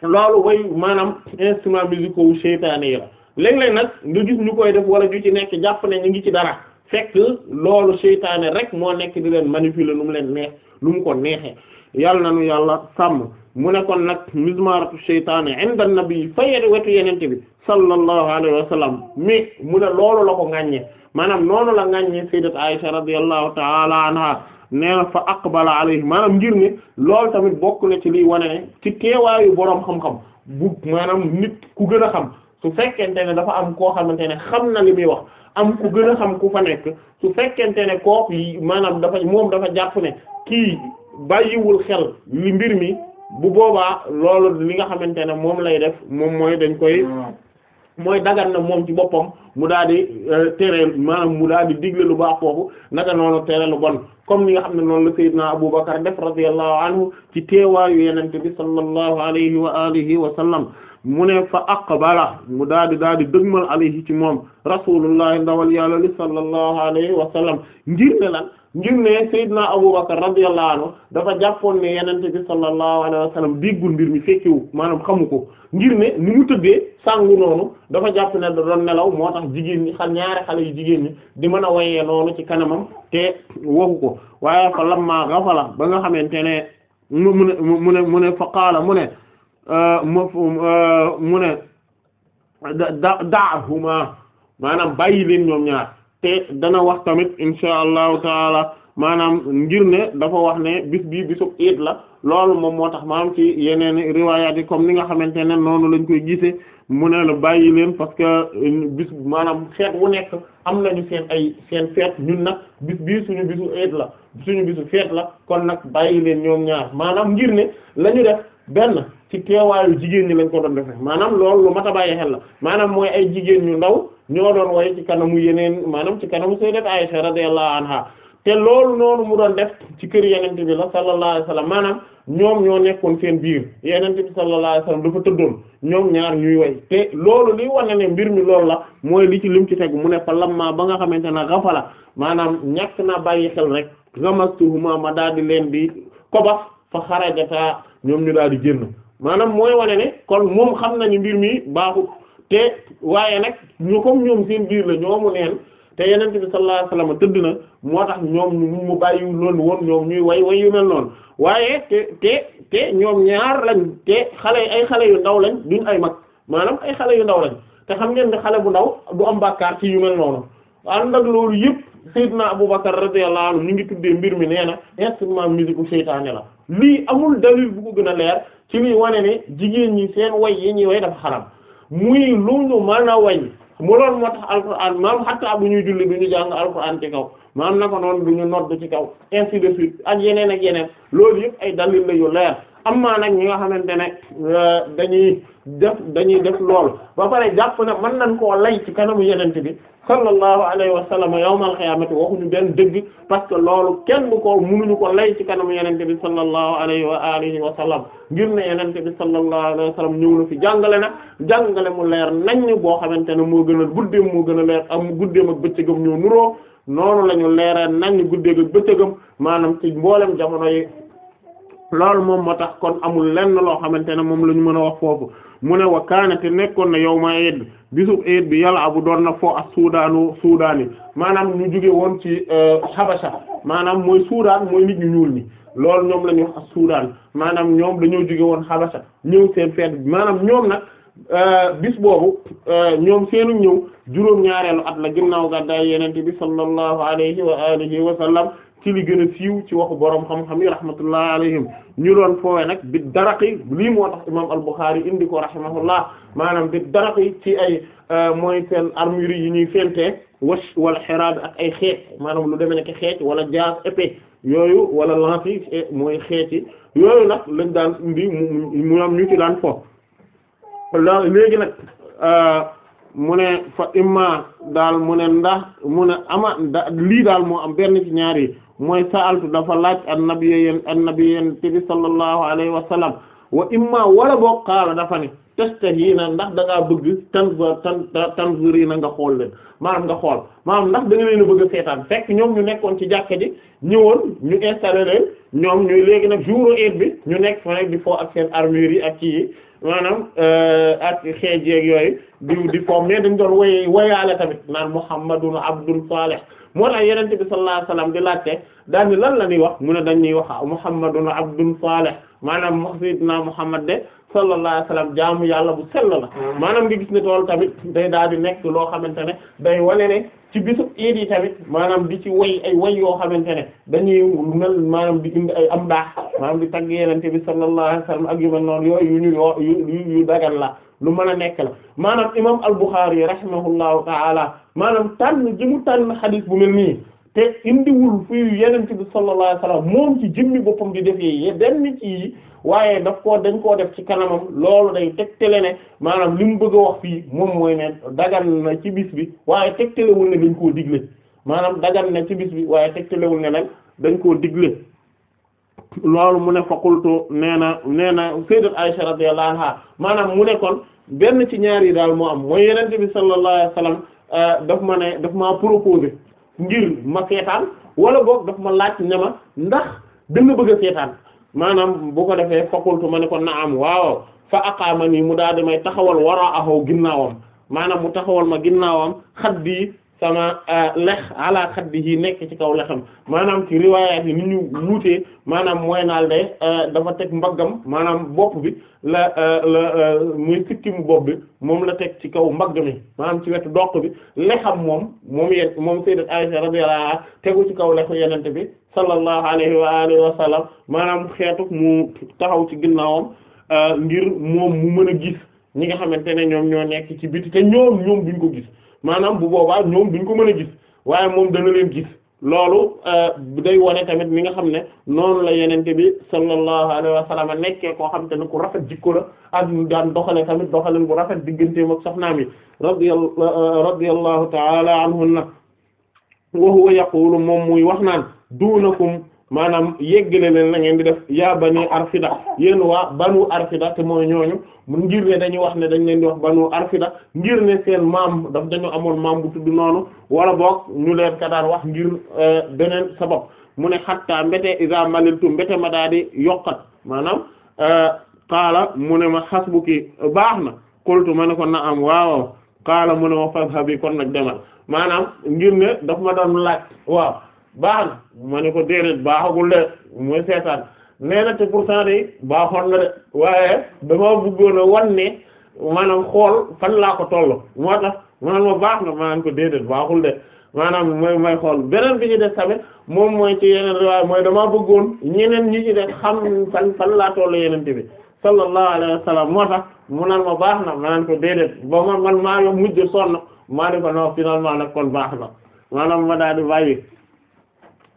la way maanaam instrument musicaux wu seytaane yi la léeg-léeg nag nga ñu koy def wala ju ci nekk jàpp ne ñu ngi ci dara fekk loolu seytaane rek moo nekk di leen manipuler nu mu leen neex lu mu ko neexee yàlla na nu yàlla sàmm mu ne nag mismaratu sheytaane inda nabi fa yeneen wetu yenente bi sallallahu alayhi wa sallam mais mu ne loolu la ko ŋàññee maanaam noonu la ŋàññee sayyidat Aisha radiyallahu ta'ala anha nee na fa aqbala alayhi maanaam ngir ne loolu tamit bokk na ci lii wane ne ci teewaayu boroom xam-xam bu maanaam nit ku gën a xam su fekkente ne dafa am koo xamante ne xam na li muy wax am ku gën a xam ku fa nekk su fekkente ne kooku yi maanaam dafa moom dafa jàpp ne kii bàyyiwul xel li mbir mi bu boobaa loolu li nga xamante ne moom lay def moom mooy dañ koy mooy dagan na moom ci boppam mu daal di euh, tere ma mu daal di digle lu baax foofu naka noonu tere lu bon comme ni nga xam ne noonu la Seydina Abubakar def radiyallahu anhu ci teewaayu yenente bi sallallahu alayhi wa alihi wa sallam mu ne fa aqbala mu daal di daal di dëgmal alayhi ci moom rasulullah ndawal yàlla li sallallahu alayhi wa sallam ngir ne lan ngir ne Seydina Abubakar radiyallahu anhu dafa jàppoon ne yenente bi sallallahu alayhi wa sallam déggul mbir mi fekkiwu maanaam xamu ko ngir ne nu mu tëddee sàngu noonu dafa jàpp ne da doon nelaw moo tax jigéen ñi xam ñaari xale yu jigéen ñi di mën a noonu ci kanamam te waxu ko waaye fa lamma ghafala ba nga xamante ne mu ne mu ne mu ne fa qaala mu ne euh, euh, mu ne da'ahuma maanaam bàyyi leen ñoom ñaar te dana wax tamit insha allahu taala maanaam ngir ne dafa wax ne bis bii bisub iid la lool moom moo tax maanaam ci yeneen riwaayaat yi comme ni nga xamante ne noonu lañu koy gisee mu ne la bàyyi leen parce que euh, bis maanaam feet wu nekk am nañu seen ay seen feet ñun nag bis bii suñu bisu iid la suñu bisu feet la kon nag bàyyi leen ñoom ñaar maanaam ngir ne la ñu def benn ci teewaayu jigéen ñi lañ ko doon defee maanaam loolu lu mat a bàyyi xel la maanaam mooy ay jigéen ñu ndaw ñoo doon way ci kanamu yeneen maanaam ci kanamu sayyidat Aisha radiyallahu anha te loolu noonu mu doon def ci kër yenente bi la sallallahu alayhi wasallam maanaam ñoom ñoo nekkoon seen biir yenente bi sallallahu alayhi wasallam dafa tëddoon ñoom ñaar ñuy way te loolu li wane ne mbir mi loolu la mooy li ci lim ci teg mu ne fa lamma ba nga xamante ne xafala maanaam ñàkk naa bàyyi xel rek ramastuhuma ma daal di leen di kobax fa xarajata ñoom ñu daal di génn maanaam mooy mi baaxut te waaye nag ñu comme ñoom seen biir la ñoomu neen te yeneen bi sallallahu alayhi wasallam tëdd na moo tax ñoom ñu mu bàyyi loon woon ñoom ñuy way way yu mel noonu waaye te te te ñoom ñaar lañ te xale ay xale yu ndaw lañ duñ ay mag maanaam ay xale yu ndaw lañ te xam ngeen ne xale bu ndaw du am bakkaar ci yu mel noonu ànd ak loolu yëpp Seydina Abubakar radiyallahu anhu ñu ngi tuddee mbir mi nee na instrument musique u seytaane la lii amul dalil bu ko gën a leer ci lii wane ne jigéen ñi seen way yi ñuy way dafa muy lu ñu mën a wàññi mu loolu moo tax alquran maam xataa bu ñuy julli du ñu jàng alquran ci kaw maam naka noonu du ñu nodd ci kaw ainsi de suite ak yeneen ak yeneen loolu yëpp ay dalil la yu leer maa nag ñi nga xamante ne euh, dañuy def dañuy def loolu ba pare jàpp na mën nañ koo lay ci kanamu yenente bi sallallahu alayhi wa sallam yawmal qiyaamati waxuñu benn dëgg parce que loolu kenn bu ko mënuñu ko lay ci kanamu yenente bi sallallahu alayhi wa alihi wa sallam ngir ne yenente bi sallallahu alayhi wa sallam ñëw na fi jàngale na jàngale mu leer nañ boo xamante ne moo gën a guddeem moo gën a leer am guddeem ak bëccëgam ñoo nuroo noonu la ñu leeral nañ guddee ak bëccëgam maanaam ci mboolem jamono yi loolu moom moo tax kon amul lenn loo xamante ne moom la ñu mën a wax foofu mu ne wa kaana te nekkoon na yow ma eed bisu eed bi yàlla abu doon na foo ak suudaanu suudaan yi maanaam ñu jóge woon ci xabasa euh, maanaam mooy suudaan mooy nit ñu ñuul ñi loolu ñoom la ñuy wax as-Suudaan maanaam ñoom dañoo jóge woon Habasha ñëw seen feet maanaam ñoom nag euh, bis boobu euh, ñoom seenu ñëw juróom-ñaareelu at la ginnaaw gàddaay Yonent bi sallallahu alayhi wa alihi wa sallam ci li gën a siiw ci waxu borom xam-xam yi rahmatullahi alayhim ñu doon foowe nag bi daraqi lii moo tax imaam al-Bukhari indi ko rahimahullah maanaam bi daraqi ci ay euh, mooy seen yi ñuy fente wash wala xiraat ak ay xeec maanaam lu demee nekk xeec wala jaas yooyu wala lanti eh, mooy xeeti yooyu nag lañ daan indi mu am ñu ci daan fo la léegi nag euh, mu daal mu ne ndax mu ne ama lii daal moo am benn ci ñaar yi mooy saaltu dafa laaj annabi yeen annabi yeen te bi sallallahu alayhi wa sallam wa imma wala boo xaala dafa ne tastahina ndax da ngaa bëgg tan tan tanzurina nga xool leen maanaam nga xool maanaam ndax da leen a bëgg a seetaan fekk ñoom ñu nekkoon ci jàkka ji ñëwoon ñu installé leen ñoom ñu léegi nag jour eet bi ñu nekk fa nekk di foo ak seen armure yi ak kii maanaam euh, ak xeej yeeg yooyu di di foo mais dañ doon way wayaale tamit naan Muhammadun Abdul Salih moo tax Yonent bi sallallahu alayhi wasallam di laajte daal lan la ñuy wax mu ne dañuy wax Muhammadun Abdul Salih maanaam Seydina Muhammad sallallahu alayhi wa jaamu yàlla bu sell la hmm. maanaam nga gis ne tool tamit day daal di nekk loo xamante ne day wale ne ci bisu iid yi tamit maanaam di ci way ay way yoo xamante ne dañuy mel maanaam di indi ay am baax maanaam di tagg yenente bi sallallahu alayhi wa ak yu mel yu ñu yoo yu lu mën a nekk la maanaam imam al-Bukhari rahimahullahu ta'ala maanaam tànn ji mu tànn xadis bu mel nii te indiwul fuyu yenente bi sallallahu alayhi wa sallam moom ci jëmmi boppam di defee ci waaye daf koo dañ koo def ci kanamam loolu day tegtale ne maanaam li mu bëgg a wax fii moom mooy ne dagan na ci bis bi waaye tegtalewul ne dañ koo digle maanaam dagan na ci bis bi waaye teg tegtalewul ne nag dañ koo digle loolu mu ne faqultu nee na nee na sayyidat Aisha radiyallahu anha maanaam mu ne kon benn ci ñaar yi daal moo am mooy yenente bi sallallahu alayhi wasallam euh, daf ma ne daf maa proposé ngir ma seetaan wala boog daf ma laaj ne ma ndax da nga bëgg a seetaan maanaam bu ko defee faqultu ma ne ko naam waaw fa akaama ni mu daal di may taxawal waraahu ginnaawam maanaam mu taxawal ma ginnaawam xaddi sama euh, lex ala xaddihi nekk ci kaw lexam maanaam ci riwaayaat yi ni ñu wuutee maanaam mooy naal de euh, dafa teg mbaggam maanaam bopp bi la euh, la muy bopp bi moom la teg ci kaw mbagg mi maanaam ci wetu doq bi lexam moom moom yet moom sayyidat Aisha tegu ci kaw lexu yenente bi sallallahu alayhi wa alihi sallam maanaam xeetu mu taxaw ci ginnaawam euh, ngir moom mu mën a gis ñi nga xamante ne ñoom ñoo nekk ci biti te ñoom ñoom duñ ko gis maanaam bu boobaa ñoom duñ ko mën a gis waaye moom dana leen gis loolu euh, day wone tamit mi nga xam ne noonu la yenente bi sallallahu alayhi wa sallam nekkee koo xam te ne ku rafet jikko la ak daan doxale tamit doxalen bu rafet digganteem ak soxnaam yi euh, radiyallahu ta'ala anhunna wa huwa yaqulu moom muy wax naan duunakum maanaam yeggale leen la ngeen di def yaa bani arfida yéen waa banu arfida te moo ñooñu ngir ne dañuy wax ne dañ leen di wax banu arfida ngir ne seen maam daf dañu amoon maam bu tudd noonu wala boog ñu leen ka daan wax ngir euh, beneen sabab mu ne xattaa mbete isa maliltu mbete ma daa di yokkat maanaam euh, qaala mu ne ma xasbuki baax na qultu ma ne ko na am waaw kaala mu ne ma fadhabi kon nag demal maanaam ngir ne daf ma doon laaj waaw baax na ma ne ko déedéet baaxagul de mooy seetaan nee na te pourtant de baaxoon na de waaye dama bëggoon a wan ne maanaam xool fan laa ko toll moo tax maanaam ma baax na ma ne ko déedéet baaxul de maanaam mooy mooy xool beneen bi def tamit moom mooy ci yeneen riwaay mooy damaa bëggoon ñeneen ñi ci def xam fan fan laa toll yeneen bi sallallahu alayhi wa moo tax mu naan ma baax na ma naan ko déedéet ba man man maa ngi mujj sonn maa ne ko non finalement nag kon baax na maanaam ma daal di bàyyi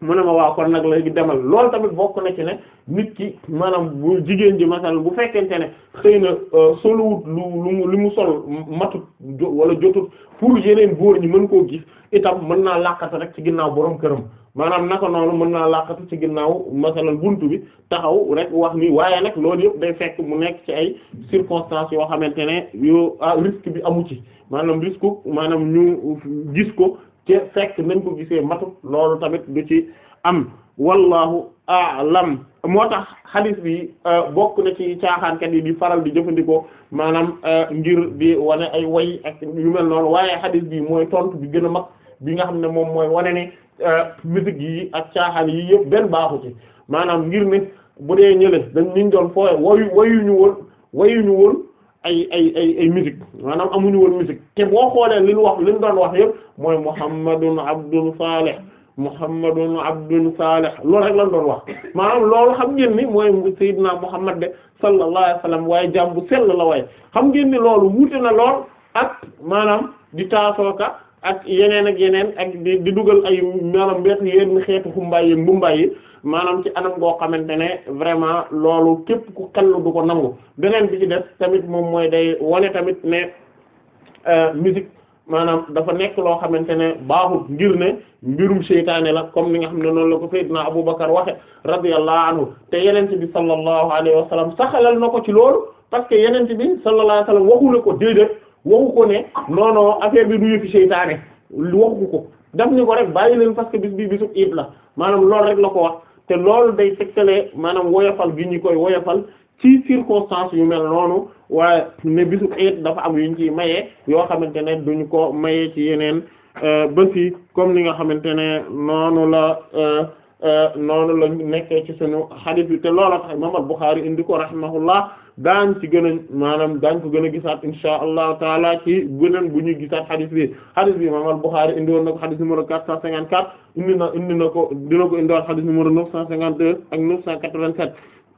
mun ne ma waaw kon nag léegi demal lool tamit bokk na ci ne nit ki maanaam bu jigéen ji masal bu fekkente ne xëy na euh, soluwut lu lu mu li mu sol matut wala jotut pour yeneen góor ñi mën koo gis itam mën naa làqata rek ci ginnaaw borom këram maanaam naka noonu mën naa làqatu ci ginnaaw masalan buntu bi taxaw rek wax ni waaye nag loolu yëpp day fekk mu nekk ci ay circonstances yoo xamante ne yoo ah, risque bi amu ci maanaam risque maanaam ñu gis ko te fekk nañ ko gisee matut loolu tamit du ci am wallahu a'lam moo tax hadith bi euh, bokk na ci caaxaankat yi di faral di jëfandikoo maanaam euh, ngir di wane ay way ak yu mel noonu waaye hadith bi mooy tontu bi gën a mag bi nga xam ne moom mooy wane ne euh, musique yi ak caaxaan yi yëpp benn baaxu ci maanaam ngir ne bu dee ñële dañ niñ doon fooye wayuñu woon wayuñu woon ay ay ay ay musique maanaam amuñu woon musique te boo xoolee li ñu wax li ñu wax yëpp mooy Muhammadun Abdun Salih Muhammadun Abdun Salih loolu rek la doon wax maanaam loolu xam ngeen ni mooy Seydina Muhammad de sallallahu alayhi wa sallam waaye jaam bu sell la waaye xam ngeen ni loolu wuute na lool ak maanaam di taasooka ak yeneen ak yeneen ak di dugal ay maanaam mbett yenn xeetu xumbaay yi mbumbaay yi maanaam ci anam goo xamante ne vraiment loolu képp ku kallu du ko nangu beneen bi ci def tamit moom mooy day wane tamit ne euh, musique maanaam dafa nekk loo xamante ne baaxul ngir ne mbirum seytaane la comme ni nga xam ne noonu la ko Seydina Aboubacar waxe radiyallahu anhu te yenente bi sallallahu alayhi wa sallam saxalal na ko ci loolu parce que yenente bi sallallahu alayhi wa ko déedéet waxu ko ne non non affaire bi du yëfi seytaane waxu ko daf ni ko rek bàyyi leen parce que bis bi bisu la maanaam loolu rek la ko wax te loolu day tegtalee maanaam woyofal gi ñu koy woyofal ci circonstance yu mel noonu waaye ne bisu it dafa am yu ñu ciy mayee yoo xamante ne ñu ko mayee ci yeneen euh, bés yi comme ni nga xamante ne noonu la euh, euh, noonu la nekkee ci sunu hadith bi te loolu tax imam al Bukhari indi ko rahimahullah daañ ci gën maanaam daañ ko gën gisaat insha allahu taala ci beneen bu ñuy gisaat xadis bi xadis bi imaam al-Bukhari indi woon na ko xadis numéro 454 indi na indi na ko dina ko indiwaat xadis numéro 952 ak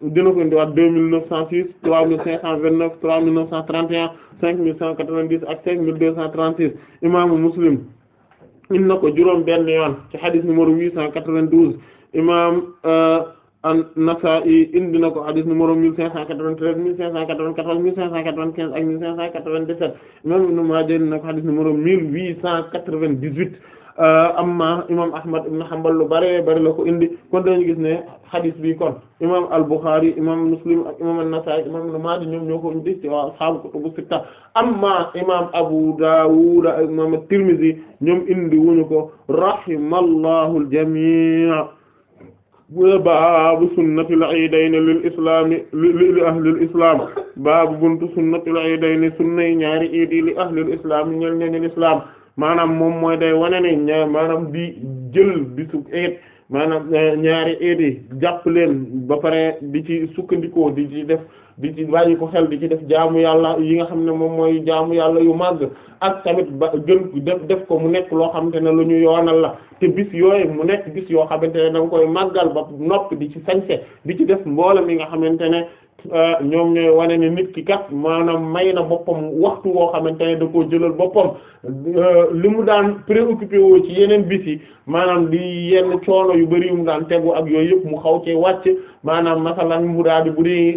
987 dina ko indiwaat 2906 3529 3931 5190 ak 5236 imaamu Muslim indi na ko juróom benn yoon ci xadis numéro 892 imaam. Euh, an-Nasa'i indi na ko hadith numéro 1593 1594 1595 ak 1597 imam Ibn Maaja indi na ko hadith numéro 1898 euh, amma imam Ahmad ibn Hanbal lu bare bare la ko indi kon dañu gis ne hadith bi kon imam al-Bukhari imam Muslim ak imam an-Nasa'i imam Ibn Maaja ñoom ñoo ko indi ci waa ashaabu kutubu sitta amma imam Abu Dawud ak imam at-Tirmidhi ñoom indi wuñu ko rahimallahu al-jami' bu baabu sunnatil iidayni lil islaami li ahlil islaam baabu buntu sunnatil iidayni sunnay ñaari iid yi li ahlil islaam ñel ñeneen islaam maanaam moom mooy day wane ne maanaam di jël bisu iid maanaam eh, ñaari eed yi jàpp leen ba pare di ci sukkandikoo di ci def di ci bàyyi ko xel di ci def jaamu yàlla yi nga xam ne moom mooy jaamu yàlla yu màgg ak tamit ba gën def def ko mu nekk loo xamante ne lu ñu yoonal la te bis yooyu mu nekk bis yoo xamante ne da koy màggal ba noppi di ci sañse di ci def mboolem yi nga xamante ne Euh, ñoom ñooy wane ne nit ki kat maanaam may na boppam waxtu woo xamante ne da koo jëlal boppam euh, li mu daan préoccupé woo ci yeneen bis yi maanaam di yenn coono yu bari yu mu daan tegu ak yooyu yëpp mu xaw cee wàcc maanaam masalan mu daal bu dee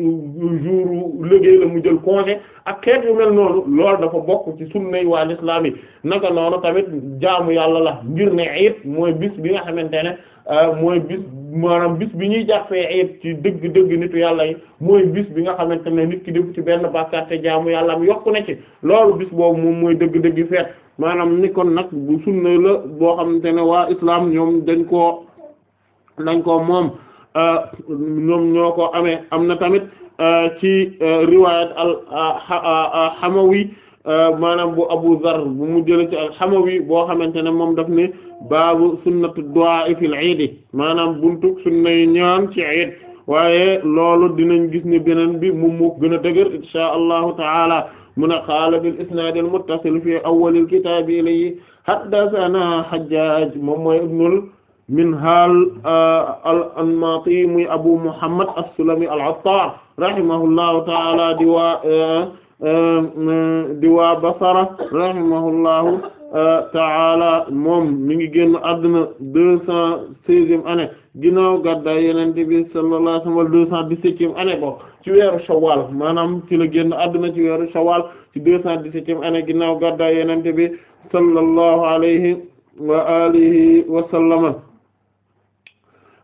jour liggéey la mu jël congé ak xeet yu mel noonu loolu dafa bokk ci sunnay waa lislaam yi naka noonu tamit jaamu yàlla la ngir ne it mooy bis bi nga xamante ne. Euh, mooy bis maanaam bis bi ñuy jàppee ayib ci dëgg-dëgg nitu yàlla yi mooy bis bi nga xamante ne nit ki def ci benn bàkkaar te jaamu yàlla am yokku na ci loolu bis boobu moom mooy dëgg-dëgg feet maanaam ni kon nag bu sunna la boo xamante ne waa islam ñoom dañ ko dañ koo moom euh, ñoom ñoo ko amee am na tamit euh, ci riwaayat al xamawi maanaam bu Abu Zar bu mu jëlee ci al xamawi boo xamante ne moom daf ne. baabu sunnatu du'a fil iid maanaam buntu sunnay ñaan ci iid waaye loolu dinañ gis ne beneen bi moom moo gën a dëgër insha allahu taala mun a qaala bil isnaad al muttasil fi awwal al kitaab ilayhi haddathana hajjaaj moom mooy ibnul minhaal al anmaati muy abu muhammad as-sulami al-attar rahimahullahu taala di waa di waa basara rahimahullahu taala moom mi ngi génn àdduna deux cent seizième année ginnaaw gàddaay Yonent bi sallallahu alayhi wa sallam deux cent dix-septième ci weeru Shawwal maanaam ci la génn àdduna ci weeru Shawwal ci deux cent dix-septième année ginnaaw gàddaay Yonent bi sallallahu alayhi wa alihi wa sallama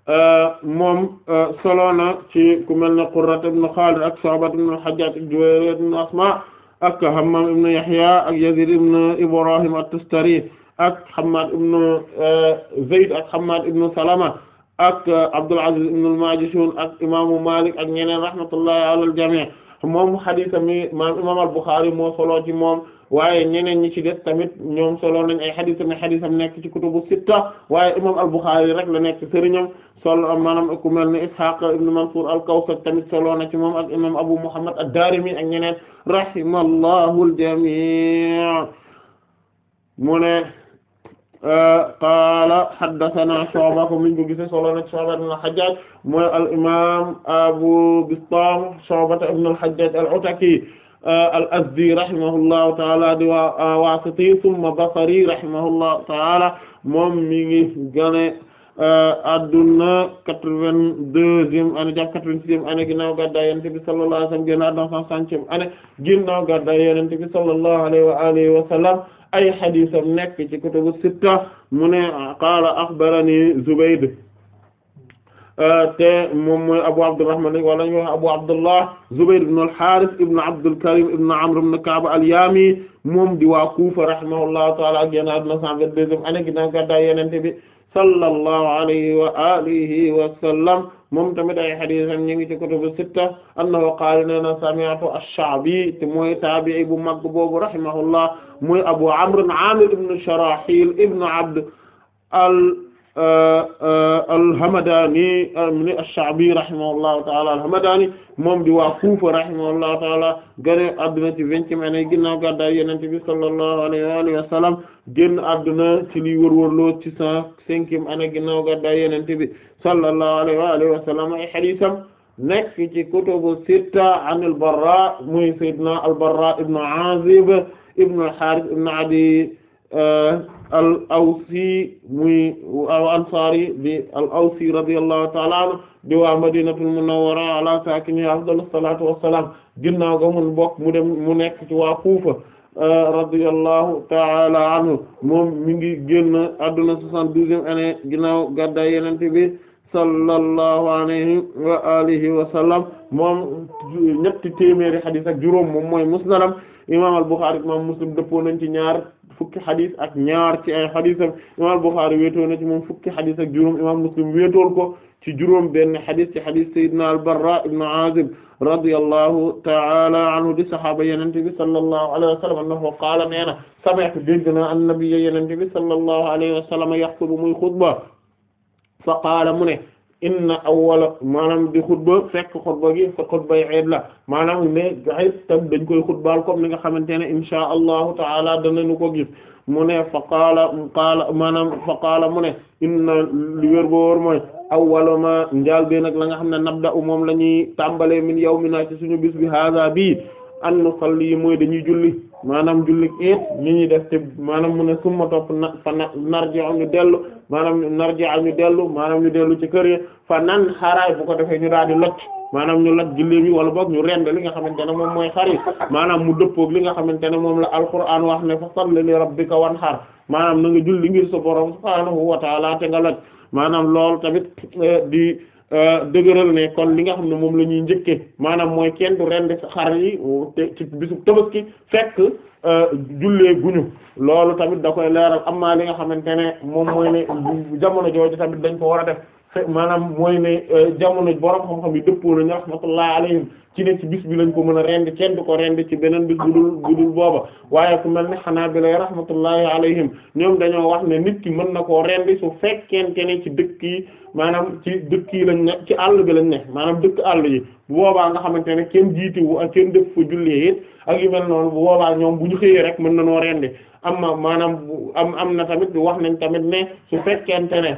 euh, moom euh, solo na ci ku mel ne Qurrat ibn Khalid ak Shu'ba ibn al ibn Asma ak Hammam ibn Yahya ak Yazid ibn Ibrahim at-Tustari ak Hammad ibn eh, Zayd ak Hammad ibn Salama ak eh, Abdul Aziz ibn al-Majishun ak imaamu Malik ak ñeneen rahmatullahi ala al-jami' moom hadith mi imaam al-Bukhari moo solo ci moom. waaye ñeneen ñi ci def tamit ñoom solo nañ ay xadis am xadisam nekk ci kutubu sitta waaye imam al-Bukhari rek la nekk sëriñam solo maanaam ku mel ni Ishaq ibn al-Kawsaj tamit na ci moom ak imam Abu Muhammad ad-Darimi ak ñeneen rahimallahu al-jami' mu ne euh, qaala haddathana Shu'ba ko min ko gise solo na Shu'ba ibn al-Hajjaj mooy al imam Abu Bistam Shu'ba ibn al-Hajjaj al-Ataki al-Azdi rahimahullahu taala di waa Waasiti summa Basri rahimahullahu taala moom mi ngi gane adduna quatre-vingt-deuxième année jàpp quatre-vingt-sixième année ginnaaw gàddaay Yonent bi sallallahu alayhi wa sallam génn àdduna cent cinquantième année ginnaaw gàddaay Yonent bi sallallahu alayhi wa alihi wa sallam ay hadiisam nekk ci kutubu sitta mu ne qaala axbarani Zubayd Euh, te moom mooy Abu Abdurrahman wala ñu wax Abu Abdullah Zubayr ibn al-Harith ibn Abdul Karim ibn Amr ibn Ka'b al-Yami moom di waa Kufa rahimahullahu ta'ala génn àdduna 122e année ginnaaw gàddaay Yonent bi sallallahu alayhi wa alihi wa sallam moom tamit ay hadiisam ñu ngi ci kutubu sitta annahu qaala lana sami'tu ash-Sha'bi te mooy taabi'i bu mag boobu rahimahullah mooy Abu Amr Amir ibn Sharahil ibn Abd al Euh, euh, al-Hamadani euh, ash-Sha'bi rahimahullahu ta'ala al-Hamadani moom di waa Kufa rahimahullahu ta'ala gane adduna ci vingtième année ginnaaw gàddaay Yonent bi sallallahu alayhi wa alihi wa sallam génn adduna ci li wërwërloo ci cent cinquième année ginnaaw gàddaay Yonent bi sallallahu alayhi wa alihi wa sallam ay hadiisam nekk ci kutubu sitta an al-Barra muy Sayyidina al-Barra ibn Azib ibn al-Harith ibn Adi al awsi muy al ansari di al awsi radiyallahu ta'ala anhu di waa madinatul munawwara ala saakini afdalu salaatu wassalaam ginnaaw ga mun bokk mu dem mu nekk ci waa Kuufa eh, radiyallahu ta'ala anhu moom mi ngi génn adduna 72e année ginnaaw gàddaay Yonent bi sallallahu alayhi wa alihi wa sallam moom ñetti téeméeri juróom moom mooy musnadam imaam al-Bukhari imaam Muslim dëppoo nañ ci ñaar fukki xadis ak ñaar ci ay xadisam imam Bukhari wéetoo na ci moom fukki xadis ak juróom imam Muslim wéetool ko ci juróom benn xadis ci xadis Seydina al-Barra ibn Azib radiyallahu ta'ala anhu di sahaaba yenente bi sallallahu alayhi wa sallam annahu qaala nee na sami'tu dégg naa an-nabiyya yenente bi sallallahu alayhi wa sallam yaxtubu muy xutba fa qaala mu ne inna awwala maanaam di xutba fekk xutba gi xutbay eid la maanaam ne ay tam dañ koy xutbaal comme ni nga xamante ne inshaa allahu taala danañu ko gi mu ne fa qaala qaala maanaam fa mu ne inna li wér boor mooy awwala ma njaal bi nag la nga xam ne nabda u moom la ñuy tàmbalee min yawmina ci suñu bis bi haaza bii an nusalli mooy dañuy julli maanaam julli it ñi ñuy def te maanaam mu ne summa topp na fa na narji'u ñu dellu maanaam narji'u ñu dellu maanaam ñu dellu ci kër yi fa nan xaraay bu ko defee ñu daal di locc maanaam ñu laj jëlee bi wala boog ñu rend li nga xamante ne moom mooy xar yi mu dëppoog li nga xamante ne moom la alquran wax ne fa salli li rabbika wanhar maanaam na nga julli ngir sa borom subhaanahu wa ta'ala te nga laj maanaam loolu tamit eh, di Euh, dëgëral ne kon li nga xam ne moom la ñuy njëkkee maanaam mooy kenn du rendi xar yi ci bisu tabaski fekk euh, jullee guñu loolu tamit da koy leeral amaa li nga xamante ne moom mooy ne jamono jooju tamit dañ ko war a def maanaam mooy ne euh, jamono borom xam-xam yi dëppoo nañu rahmatullahi alayhim ci ne ci bis bi lañ ko mën a rend kenn du ko rend ci beneen bis bu dul bu dul booba waaye ku mel ne Hanaabila rahmatullahi alayhim ñoom dañoo wax ne nit ki mën na koo rend su fekkente ne ci dëkk yi maanaam ci dëkk yi lañ ne ci àll bi lañ ne maanaam dëkk àll yi boobaa nga xamante ne kenn jiitiwu ak kenn def fa ak yu mel noonu bu boobaa ñoom bu ñu rek mën na noo rendi amma maanaam am am na tamit wax nañ tamit ne su fekkente ne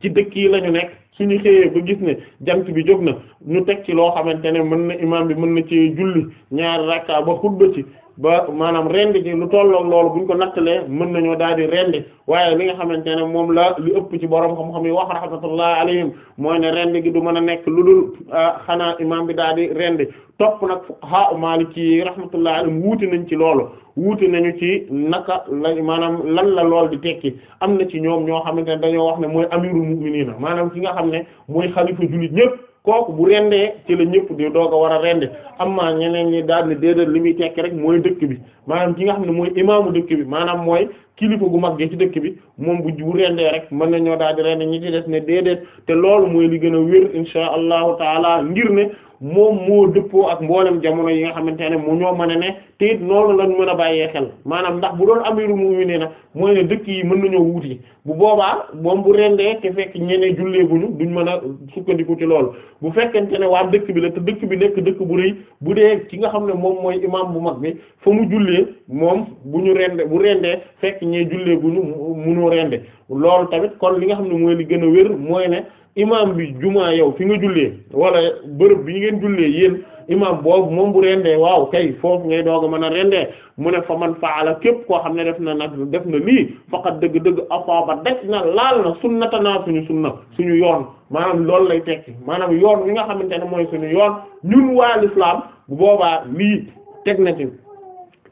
ci dëkk yi lañu nekk suñu xëyee ba gis ne jant bi jóg na ñu teg ci loo xamante ne mën na imaam bi mën na ci julli ñaari rakka ba xutba ci ba maanaam rendi ci lu tolloog loolu buñ ko nattalee mën nañoo daal di rendi waaye li nga xamante ne moom la lu ëpp ci borom xam-xam yi wax rahmatullah alayhim mooy ne rendi gi du mën a nekk lu dul ah, xanaa imaam bi daal di rendi topp nag fuqaha maliki yi rahmatullah alayhim wuute nañ ci loolu wuute nañu ci naka la maanaam lan la lool di tekki am na ci ñoom ñoo xamante ne dañoo wax ne mooy amirul mu'minin maanaam ki nga xam ne mooy xalifa jullit ñëpp kooku bu rendee ci la ñëpp di doog a war a rende amma ñeneen ñi daal ne déedéet li muy tekki rek mooy dëkk bi maanaam ki nga xam ne mooy imaamu dëkk bi maanaam mooy kilifa gu mag gee ci dëkk bi moom bu bu rendee rek mën nañoo daal di rende ñi ci des ne déedéet te loolu mooy li gën a wér insha allahu taala ngir ne moom moo dëppoo ak mboolem jamono yi nga xamante ne mu ñoo mën a ne te noonu lañ mën a bàyyee xel maanaam ndax bu doon amirul mu'minin mooy ne dëkk yi mën nañoo wuuti bu boobaa moom bu rendee te fekk ñeneen jullee buñu duñ mën a sukkandiku ci loolu bu fekkente ne waa dëkk bi la dëkk bi nekk dëkk bu rëy bu dee ci nga xam ne moom mooy imaam bu mag bi fa mu jullee moom bu ñu rende bu rendee fekk ñee jullee buñu munoo rende loolu tamit kon li nga xam ne mooy li gën a wér mooy ne imaam bi jumaa yow fi nga jullee wala bërëb bi ñu ngeen jullee yéen imaam boobu moom bu rendee waaw kay foofu ngay doog a mën a rendee mu ne fa man faala képp koo xam ne def na nag def na lii faqat dëgg-dëgg afaaba daj na laal na sunnatanaa suñu sunna suñu yoon maanaam loolu lay tekki maanaam yoon wi nga xamante ne mooy suñu yoon ñun waa lislaam bu boobaa lii teg na ci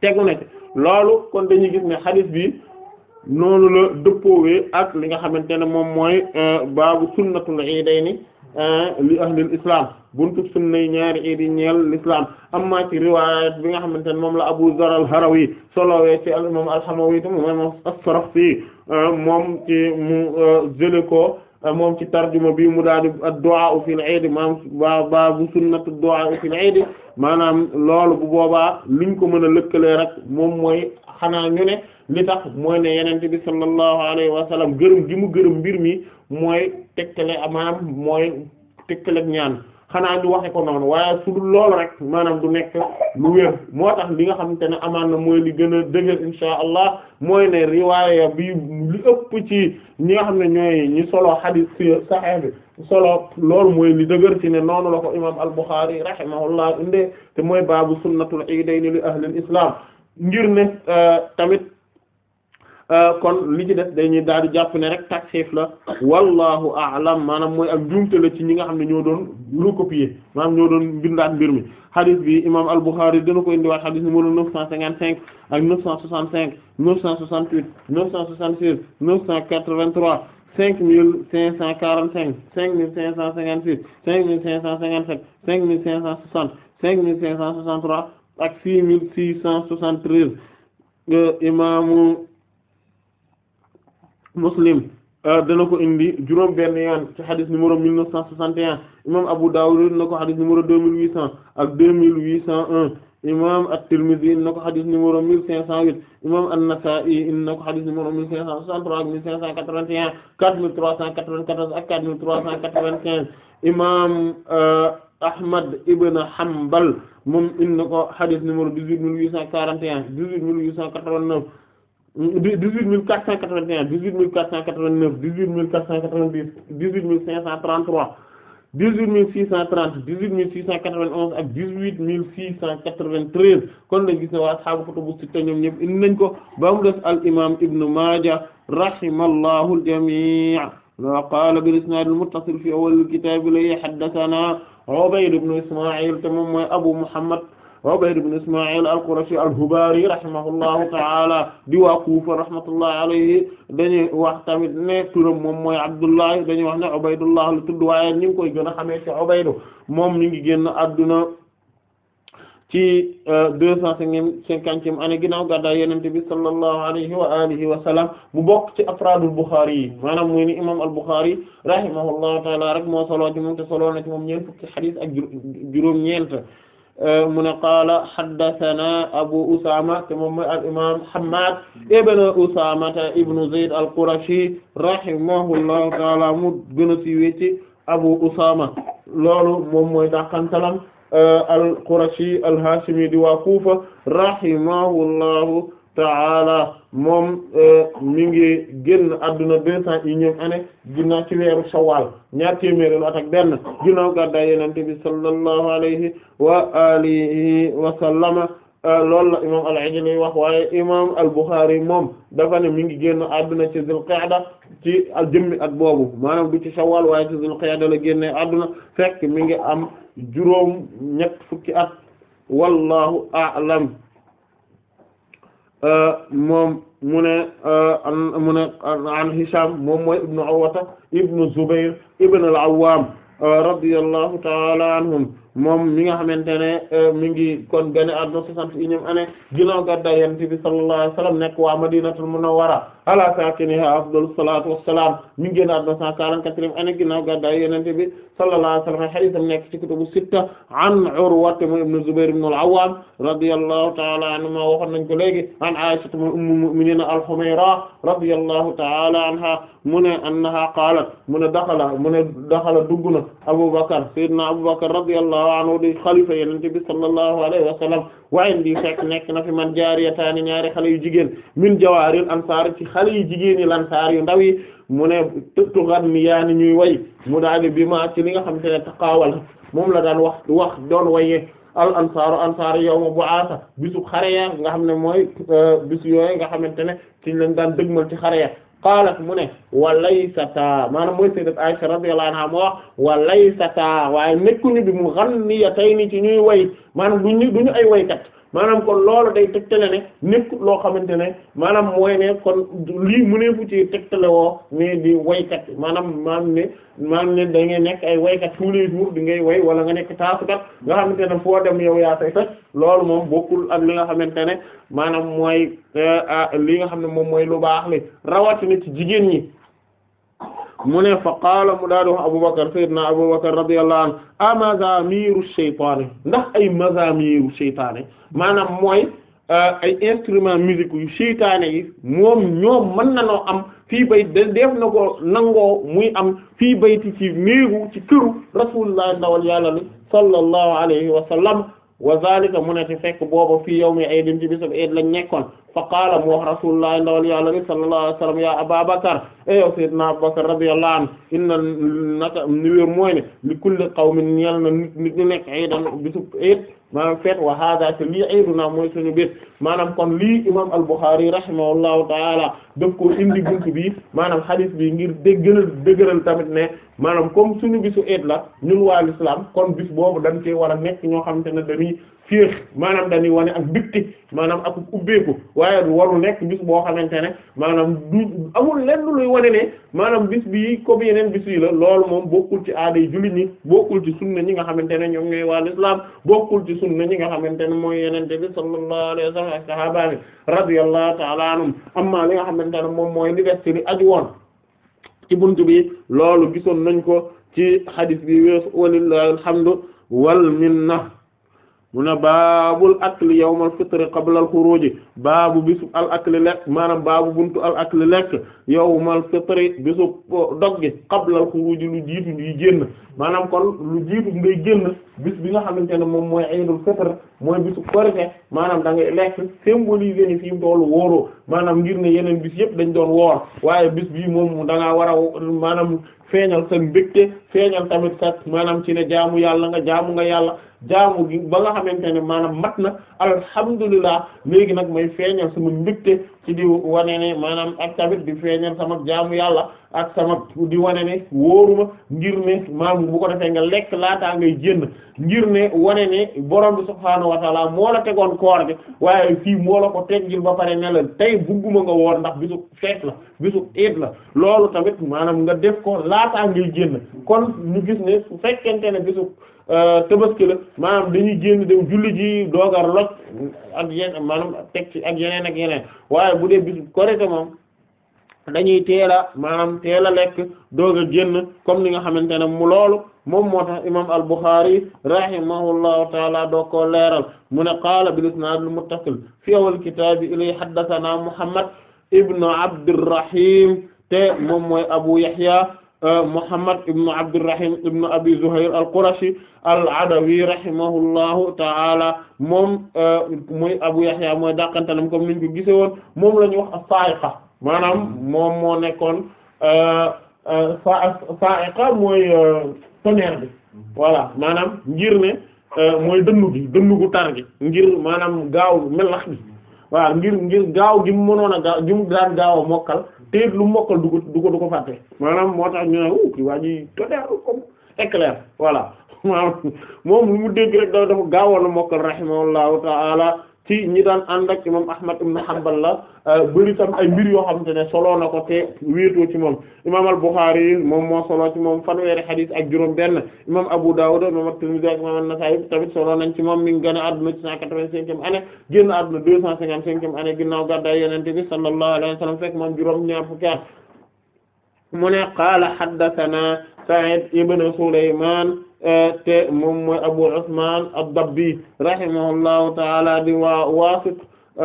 tegu na ci loolu kon dañuy gis ne hadith bi noonu la dëppoowee ak li nga xamante ne moom mooy euh, baabu sunnatul iidayni euh, li ahlil islam buntu sunnay ñaari iid yi ñeel l'islam amma ci riwaayat bi nga xamante ne moom la Abu Zar al-Harawi solowee ci al-imam al-Hamawi te moom as euh, ci ko moom ci tarjuma bi mu daal di ad-du'a fil iid maam baabu sunnatu du'a fil iid maanaam loolu bu boobaa liñ ko mën a lëkkalee rek moom mooy xanaa ñu li tax mooy ne yenente bi sallallahu alayhi wa sallam gërëm gi mu gërëm mbir mi mooy tegtale maanaam mooy tegtale ñaan xanaa ñu waxe ko noonu waaye su dul loolu rek maanaam du nekk lu wér moo tax li nga xamante ne amaan na mooy li gën a dëgër insha allah mooy ne riwaaya bi li ëpp ci ñi nga xam ne ñooy ñi solo hadith si sahih bi solo loolu mooy li dëgër ci ne noonu la ko imam al-Bukhari rahimahullah inde te mooy baabu sunnatul iidayni li ahlil islam ngir ne euh, tamit Euh, kon li ci def dañuy daal di jàpp ne rek taksif la wallahu a'lam maanaam mooy ak njuumte la ci ñi nga xam ne ñoo doon lu copier maanaam ñoo doon bindaat mbir mi hadith bi imam al-Bukhari dina ko indiwaat hadith numéro 955 ak 965 968 966 983 5545 5556 5557 5560 5563 ak 6673 euh, imaamu Muslim euh, dana ko indi juróom benn yoon ci xadis numéro 1961 imam Abu Dawud na ko xadis numéro 2800 ak 2801 imam At-Tirmidhi na ko xadis numéro 1508 imam An-Nasa'i na ko xadis numéro 1563 ak 1581 4394 ak 4395 imam euh, Ahmad ibn Hanbal moom indi na ko xadis numéro 18841 18889 dix-huit mille quatre cent quatre-vingt-un dix-huit mille quatre cent quatre-vingt-neuf dix-huit mille quatre cent quatre-vingt-dix dix-huit mille cinq cent trente-trois dix-huit mille six cent trente dix-huit mille six cent quatre-vingt-onze ak dix-huit mille six cent quatre-vingt-treize kon lañ gis ne waa ashaabu kutubu sitta ñoom ñëpp indi nañ ko ba mu des al imam ibnu maaja rahimallahu al-jamii' wa qaala bil isnaad al-muttasil fi awwal al-kitaab li haddathanaa ubayd ibnu ismaa'iil te moom mooy abu muhammad Ubayd ibn Isma'il al-Qurashi al-Hubari rahimahullahu ta'ala di waa Kufa rahmatullahi alayhi dañuy wax tamit ne turam moom mooy Abdullah dañuy wax ne Ubaydullah lu tudd waaye ñu ngi koy gën a xamee ci Ubaydu moom ñu ngi génn adduna ci euh, deux cent cinquantième année ginnaaw gàddaay Yonent bi sallallahu alayhi wa alihi wa sallam mu bokk ci afraadul Buxaari yi maanaam muy ni imam al-Buxaari rahimahullahu ta'ala rek moo solo ci moom te solo ci moom ak juróom-ñeent mu ne qaala haddathana abu usama te moom mooy al imam hammad ibn usama ibn zayd al qurashi rahimahullahu taala mu gën a siiwee ci abu usama loolu moom mooy dàqantalam al qurashi al hashimi di waa kuufa rahimahullahu taala moom euh, mi ngi génn adduna deux cent unième année ginnaaw ci weeru shawal ñaar téeméeri at ak benn ginnaaw gàddaay yonent bi sallallahu alayhi wa alihi wa sallama euh, loolu la imam al-Ajli wax waaye imam al-Bukhari moom dafa ne mi ngi génn adduna ci Zul Qa'da ci jëmmi at boobu maanaam du ci shawal waaye ci Zul Qa'da la génnee adduna fekk mi ngi am juróom ñett fukki at wallahu a'lam Euh, moom mu ne euh, mu ne an Hisham moom mooy ibnu Urwata ibnu Zubayr ibn al-Awwam euh, radiyallahu ta'ala anhum moom mi nga xamante ne mi ngi kon gane àdduna soixante et unième année ginnaaw gàddaay Yonent bi sallallahu alayhi wasallam nekk waa Madinatul Munawwara ala saakinihaa afdalu salaatu wassalaam mi ngi génn àdduna 144 ani ginnaaw gàddaay Yonent bi sallallahu alayhi wa sallam hadiisam nekk ci kutubu sitta an Urwa ibn Zubayr ibn al-Awwaam radiyallahu ta'ala anhumaa waxoon nañ ko léegi an Aisha ummu mu'miniina al-Humayra radiyallahu ta'ala anhaa mu ne annahaa qaalat mu ne daxala mu ne daxala dugg na Abu Bakr sayyidina Abu Bakr radiyallahu anhu di xalifa Yonent bi sallallahu alayhi wa sallam waaye ndi fekk nekk na fi man jaariyataani ñaari xale yu jigéen min jawaaril ansaar ci xale yu jigéen yi lansaar yu ndaw yi mu ne tëttuxan ni yaa ñuy way mu daal bi ma ci li nga xamante ne taqaawal moom la daan wax wax doon waye al ansaaru ansaar yawma bu'aasa bisu xare ya nga xam ne mooy euh, bisu yooyu nga xamante ne ci lañ daan dëgmal ci xare qaalat mu ne wa laysataa maanaam mooy sayyidat Aisha radiyallahu anha moo wax wa laysataa waaye nekkuñu bi mughanniyatayn ci ñuy way maanaam duñu duñu ay waykat maanaam kon loolu day tegtale ne nekk loo xamante ne maanaam mooy ne kon lii mu ne fu ci tegtale woo ne di waykat maanaam maanaam ne maanaam ne da ngay nekk ay waykat tous les jours di ngay woy wala nga nekk taasukat nga xamante ne foo dem yow yaa say sax loolu moom bokkul ak li nga xamante ne maanaam mooy euh, ah, li nga xam ne moom mooy lu baax li rawatina ci jigéen ñi mu ne fa qaala mu daa di wax Abubakar sayyidina Abubakar radiyallahu anhu a mazamiru shaytaani ndax ay mazamiru shaytaani maanaam mooy euh, ay instruments musicaux yu shaytaane yi moom ñoom mën na am fii bay de def na ko nangoo muy am fii bayti ci néegu ci këru rasulullah ndawal yàlla li sallallahu alayhi wa sallam wa zalika mu ne ci fekk booba fii yawmi aydin ci bisab lañ nekkoon fa qaala mu wax rasulullah ndawal yàlla ni sallallahu alayhi wa sallam ya ababakar eyow sayyidna abubakar radiyallahu anhu inna naka ni wér mooy ne li kulli qawmin ñeel na nit nit ñu nekk iidan bisub iid maanaam feet wa hada te lii iiduna mooy suñu biir maanaam kon lii imam al-Bukhari rahimahullahu taala daf ko indi buntu bi maanaam hadith bi ngir dég gën a dëgëral tamit ne maanaam comme suñu bisu iid la ñun waa l'islam kon bis boobu dañ ci war a nekk ñoo xamante ne dañuy féex maanaam dañuy wane ak mbégte maanaam ak ubbeeku waaye waru nekk bis boo xamante ne maanaam du amul lenn luy wane ne maanaam bis bii comme yeneen bis la loolu moom bokkul ci aaday jullit ñi bokkul ci sunna ñi nga xamante ne ñoom ñooy waa lislaam kul ci sunna ñi nga xamante ne mooy yenente bi sallallahu alayhi wa sallam ak sahaaba bi radiyallahu ta'ala anhum amma li nga xamante ne moom mooy li des ci li aju woon ci buntu bi loolu gisoon nañ ko ci hadith bi wees walillahi alhamdu wal minna mu ne baabul akli yawmal fitri qabla al baabu bisub al akli lekk maanaam baabu buntu al akli lekk yawmal fitri bisub dog gi qabla al xuruuji lu jiitu luy génn maanaam kon lu jiitu ngay génn bis bi nga xamante ne moom mooy iidul fitr mooy bisub korite maanaam da ngay lekk symboliser ni fi mu wooro wóoroo maanaam ngir ne yeneen bis yëpp dañ doon woor waaye bis bii moom da ngaa war a maanaam feeñal sa feeñal tamit kat maanaam ci ne jaamu yàlla nga jaamu nga yàlla jaamu gi ba nga xamante ne maanaam mat na alhamdulilah léegi nag may feeñal sama mbégte ci di wane ne maanaam ak tamit di feeñal sama jaamu yàlla ak sama di wane ne wóoruma ngir ne maam bu ko defee nga lekk laataa ngay jénn ngir ne wane ne borom bi subhaanahu wa taala moo la tegoon koor bi waaye fii moo la ko teggil ba pare ne tey bugguma nga woor ndax bisu feet la bisu eet la loolu tamit maanaam nga def ko laataa ngay jénn kon ñu gis ne su fekkente ne bisu Euh, tabaski la maanaam dañuy génn dem julli ji doogar loj ak yenn maanaam teg ci ak yeneen ak yeneen waaye bu dee bis korite moom dañuy teel a maanaam teel a lekk doog a génn comme ni nga xamante ne mu loolu moom moo tax imam al-Bukhari rahimahullahu taala doo ko leeral mu ne qaala bil isnaad al muttasil fi awal kitaabi ilay haddathana Muhammad ibnu Abdirrahim te moom Abu Yahya Euh, Muhammad ibn Abdurrahim ibn Abi Zuhair al-Qurashi al-Adawi rahimahullahu ta'ala moom euh, muy Abu Yahya mooy dàqantalam comme niñ ko gisee woon moom la ñu wax as-Sa'iqa maanaam moom moo nekkoon euh, sa'iqa mooy tonnerre bi voilà maanaam ngir ne mooy dënnu gi dënnu gu tar gi ngir maanaam gaaw melax gi waaw ngir ngir gaaw gi mu mënoon a gaaw mu daan gaaw a mokkal téer lu mokkal du ko du ko fàtte maanaam moo tax ñu ne ki waa ji tonnerre comme éclair voilà moom lu mu dégg rek da dafa gaawoon a mokkal rahimahullahu ta'ala ci ñi daan ànd ak imam Ahmad ibn Hanbal la Euh, bëri tam ay mbir yoo xamante ne solo na ko te wéetoo ci moom imam al moom moo solo ci moom fanweeri xadis ak juróom benn imam Abu Dawud imam at-Tirmidhi ak imam an-Nasa'i tamit solo nañ ci moom mi ngi gën a adduna ci cent quatre-vingt-cinquième année génn adduna deux cent cinquante-cinquième année ginnaaw gàddaay Yonent bi fekk moom juróom ñaar fukki at mu ne qaala haddathana i ibn Sulayman euh, te moom mooy Abu Usman ad-Dabbi rahimahullahu ta'ala di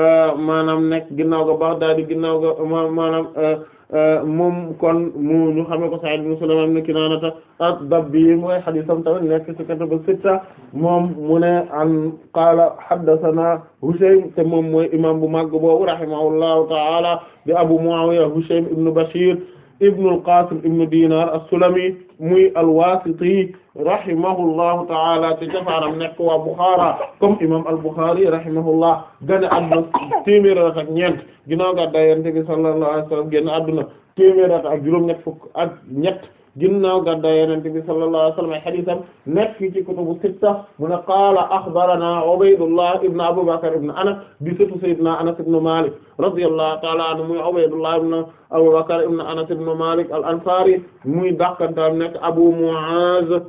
Euh, maanaam nekk ginnaaw ga Baghdadi ginnaaw ga maanaam euh, euh, moom kon mu ñu xamee ko Sa'id ibn Sulaym ibn Kinaanata ad-Dabbi mooy hadiisam tamit nekk ci kitabu sitta moom mu ne an qaala haddasanaa Hushaym te moom mooy imaam bu màgg boobu rahimahullahu ta'aala di Abu Mu'aawiya Hushaym ibn Bashiir ibn al-Qaasim ibn Diinaar as-Sulami muy al-Waasiti rahimahullahu ta'ala te jafaaram nekk waa Bukhara comme imam al-Bukhari rahimahullah gane adduna téeméer at ak ñeent ginnaaw gàddaay Yonent bi sallallahu alayhi wasallam génn adduna téeméer at ak juróom-ñett fukk ak ñett ginnaaw gàddaay Yonent bi sallallahu alayhi wasallam ay hadiisam nekk ci kutubu sitta mu ne qaala akhbarana Ubaydullah ibn Abu Bakr ibn Anas bi sëtu Sayyidina Anas ibn Malik radiyallahu ta'ala anhu muy Ubaydullah ibn Abu Bakr ibn Anas ibn Malik al-Ansari muy dàqantaam nekk Abu Mu'az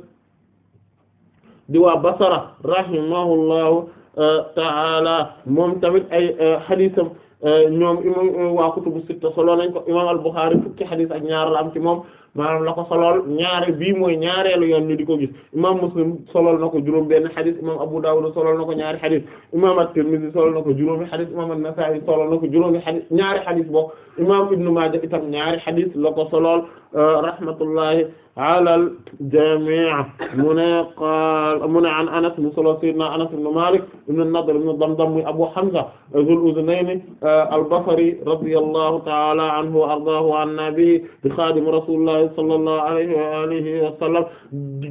di waa Basra rahimahullahu euh, ta'ala moom tamit ay euh, xadisam euh, ñoom imam waa kutubu sitta solo nañ ko imam al-Bukhari fukki xadis ak ñaar la am ci moom maanaam la ko solool ñaare bii mooy ñaareelu yoon ñu di ko gis imam Muslim solool na ko juróom benn xadis imam Abu Dawud solool na ko ñaari xadis imam at solo solool na ko juróomi xadis imam an-Nasa'i solool na ko juróomi xadis ñaari xadis bokk imam itam ñaari xadis la ko solool rahmatullahi alal jamii mu ne qaal mu ne an anas mu solo sayyidina anas ibn malik ibn nadr ibn damdam muy abu hamza zul uznayni euh, al-basri radiyallahu ta'ala anhu wa ardaahu an nabi di xaadimu rasulullah sallallahu alayhi wa alihi wa sallam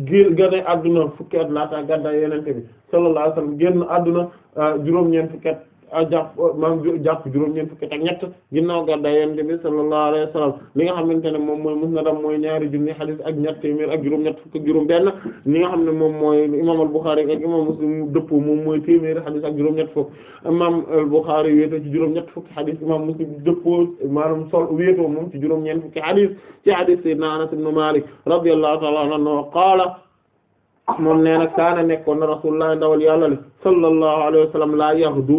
gil gane adduna fukki at laata gàddaay yonent bi sallallahu alayhi wa sallam génn adduna euh, juróom-ñeent fukki at jàpp maam jàpp juróom-ñeent fukki ak ñett ginnaaw gàddaay yonent bi sallallahu alayhi wa sallam nga xamante ne moom mooy musnadam mooy ñaari junni xadis ak ñett téeméer ak juróom-ñett fukk ak juróom-benn li nga xam ne moom mooy imaam al-Bukhari ak imaam Muslim dëppoo moom mooy téeméeri xadis ak juróom-ñett fukk imaam al-Bukhari wéetoo ci juróom-ñett fukki xadis imaam Muslim dëppoo maanaam sol wéetoo moom ci juróom-ñeent fukki xadis ci xadis sayyidina Anas ibn Malik radiyallahu moom nee na kaana nekkoon na rasulullah ndawal yàlla le sallallahu alayhi wa sallam laa yahdu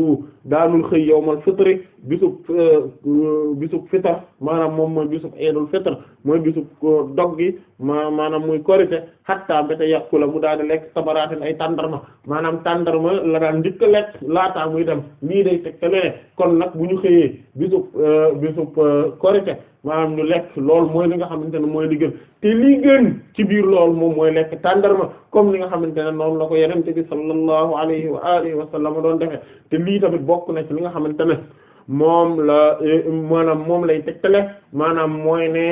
daanul xëy yawmal fitri bisub euh, bisub fitar maanaam moom mooy bisub eedul fitar mooy bisub euh, dog gi ma maanaam muy korite hatta mbéta yàqula mu daal di lekk sabaraatin ay tàndarma maanaam tàndarma la daan ndikk lekk laataa muy dem nii day tegtale kon nag bu ñu xëyee bisub euh, bisub korite maanaam ñu lekk lool mooy li nga xamante ne mooy li gën te lii gën ci biir loolu moom mooy lekk tàndarma comme li nga xamante ne noonu la ko yenente bi sallallahu alayhi wa alihi wa sallam doon defe te lii tamit bokk na ci li nga xamante ne moom la eh, maanaam moom lay tegtale maanaam mooy ne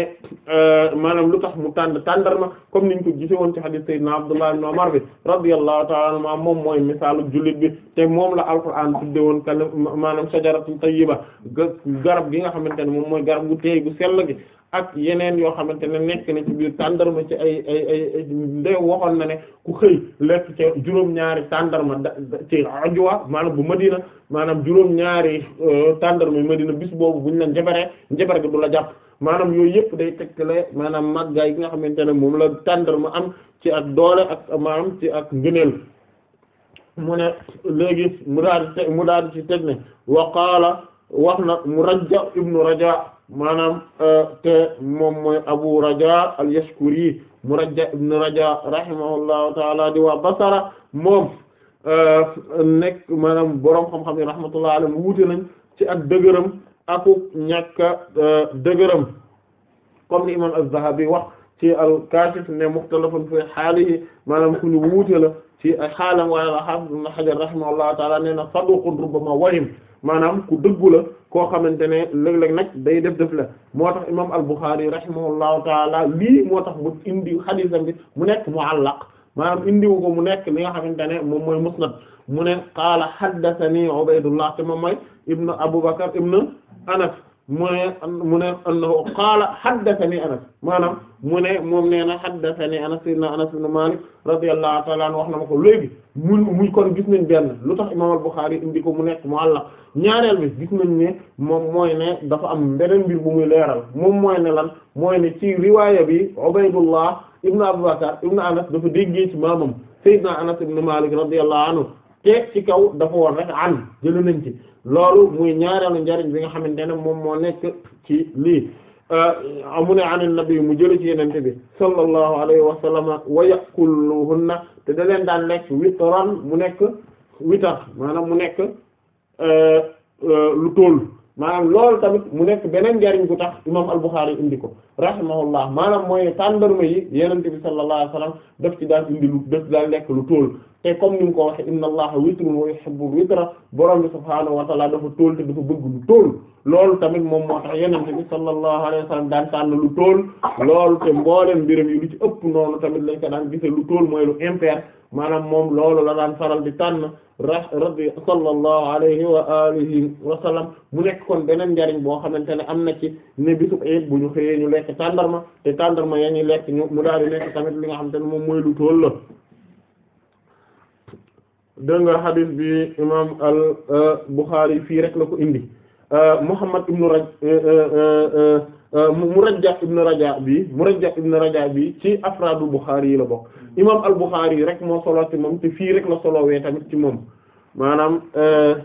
eh, maanaam lu tax mu tànn tàndarma comme niñ ko gise woon ci hadith sayyidina Abdullah ibn Umar bi radiyallahu ta'ala anhuma moom mooy misaalu jullit bi te moom la alquran tudde woon kala maanaam shajaratun tayyiba garab gi nga xamante ne moom mooy garab gu teey gu sell gi ak yeneen yoo xamante ne nekk na ci biir tàndarma ci ay ay waxoon na ne ku xëy lekk ci juróom-ñaari tàndarma ci ajwa maanaam bu Madina maanaam juróom ñaari euh, tàndarma yu Madina bis boobu buñ leen njabare njabar gi du la jàpp maanaam yooyu yëpp day tegtale maanaam màggaay yi nga xamante ne moom la tàndarma am ci ak doole ak maanaam ci ak ngëneel mu ne léegi mu daal mu daal di ci teg ne wa qaala wax na Murajja ibnu Raja maanaam euh, te moom mooy Abu Raja al-Yashkuri Murajja ibnu Raja rahimahullahu taala di waa Basra moom Euh, nekk maanaam boroom xam-xam yi rahmatullahi alayhi wuute nañ ci ak dëgëram ak ñàkk euh, dëgëram comme ni imam az-Zahabi wax ci al-Kashif ne mukhtalafun fi haalihi maanaam ku ñu wuute la ci ay xaalam waaye la hafiz ibn Hajar rahimahullahu ta'ala nee na saduqun rubbama wahim maanaam ku dëggu la koo xamante ne léeg-léeg nag day def def la moo tax imam al-Bukhari rahimahullahu ta'ala lii moo tax bu indi hadiisam bi mu nekk mu'allaq maanaam indiwu ko mu nekk li nga xamante ne moom mooy musnad mu ne qaala haddathani Ubaydullah te moom mooy ibnu Abubakar ibnu Anas mu ne mu ne annahu qaala haddathani Anas maanaam mu ne moom nee na haddathani Anas ibn Anas ibn Malik radiyallahu ta'ala anhu wax na ma ko léegi mu muy kon gis nañ benn lu tax imam al-Bukhari indi ko mu nekk mu mu'allaq ñaareel bi gis nañ ne moom mooy ne dafa am beneen mbir bu muy leeral moom mooy ne lan mooy ne ci riwaaya bi Ubaydullah ibnu Abubakar ibnu Anas dafa déggee ci maamam Seydina Anas ibnu Malik radiyallahu anhu te ci kaw dafa war rek an jëlu nañ ci loolu muy ñaareelu njariñ bi nga xamante ne moom moo nekk ci lii euh, amu ne anan nabi mu jëlu ci yenente bi sallallahu alayhi wa sallama wa yakuluhunna te da leen daan lekk witran mu nekk witar maanaam mu nekk euh, euh, lu toll maanaam loolu tamit mu nekk beneen njariñ bu tax imam al-Bukhari indi ko rahimahullah maanaam mooy tàndarma yi yenente bi sallallahu alayhi wasallam daf ci daal indi lu daf ci daal nekk lu tóol te comme ni mu ko waxe inna allaha witrun wa yuhibbul witra borom bi subhaanahu wa ta'ala dafa tóol te dafa bëgg lu tóol loolu tamit moom moo tax yenente bi sallallahu alayhi wasallam daan tànn lu tóol loolu te mbooleen mbiram yi lu ci ëpp noonu tamit lañ ko daan gise lu tóol mooy lu impair maanaam moom loolu la daan faral di tànn radi sallallahu alayhi wa alihi wa sallam mu nekk kon beneen njariñ boo xamante ne am na ci ne bisub ayit bu ñu xëyee ñu lekk tàndarma te tàndarma ya ñuy lekk ñu mu daal di nekk tamit li nga xam ne moom mooy lu tool la dégg nga xadis bi imam al euh, Bukhari fii rek la ko indi euh, Muhammad ibnu Raj euh, Euh, Murajja ibn rajaa bi Murajja ibn Raja bi ci afraadul Bukhari yi la bokk imam al Bukhari yi rek moo solo ci moom te fii rek la solowee tamit ci moom maanaam euh,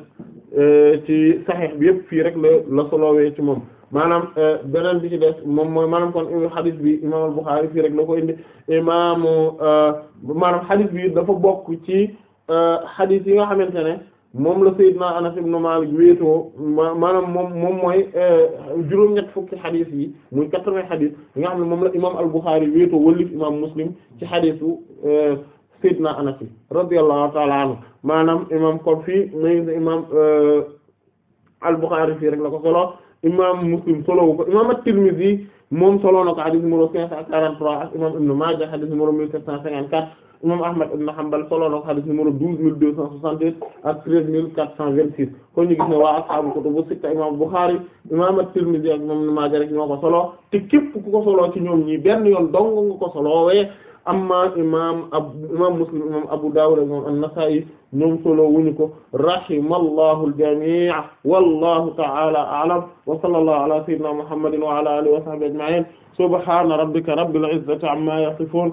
euh, ci Sahih bi yëpp fii rek la la solowee ci moom maanaam beneen bi ci des moom mooy maanaam kon xadis bi imam al Bukhari fii rek la ko indi imaamu maanaam xadis bi dafa bokk ci xadis yi nga xamante ne moom la Seydina Anas ibn Malik wéetoo maanaam moom moom mooy euh, juróom-ñett fukki xadis yi muy quatre-vingts xadis yi xam ne moom la imam al-Bukhari wéetoo wallif imam Muslim ci xadisu euh, Seydina Anas yi radiyallahu ta'ala anhu maanaam imam kon euh, al-Bukhari fii rek la ko solo imam Muslim solowu ko imam at-Tirmidhi moom solo na ko xadis numéro cinq cent quarante-trois ak imam Ibn Majah xadis numéro mille sept cent cinquante-quatre imam Ahmad ibn Hanbal solo na ko xadis numéro douze mille deux cent soixante-huit ak treize mille quatre cent vingt-six kon ñu gis ne waa ashaabu kutubu sitta imam Bukhari imam at-Tirmidhi ak imam Ibn Maaja rek ñoo ko solo te képp ku ko soloo ci ñoom ñi benn yoon dong nga ko solowee amma imam abu imam Muslim imam Abu Dawud imam an-Nasa'i ñoom solo wuñu ko rahimallahu al-jami' wallahu ta'ala a'lam wa sallallahu ala sayyidina Muhammadin wa ala alihi wa sahbihi ajma'in subhana rabbika rabbil izzati amma yasifun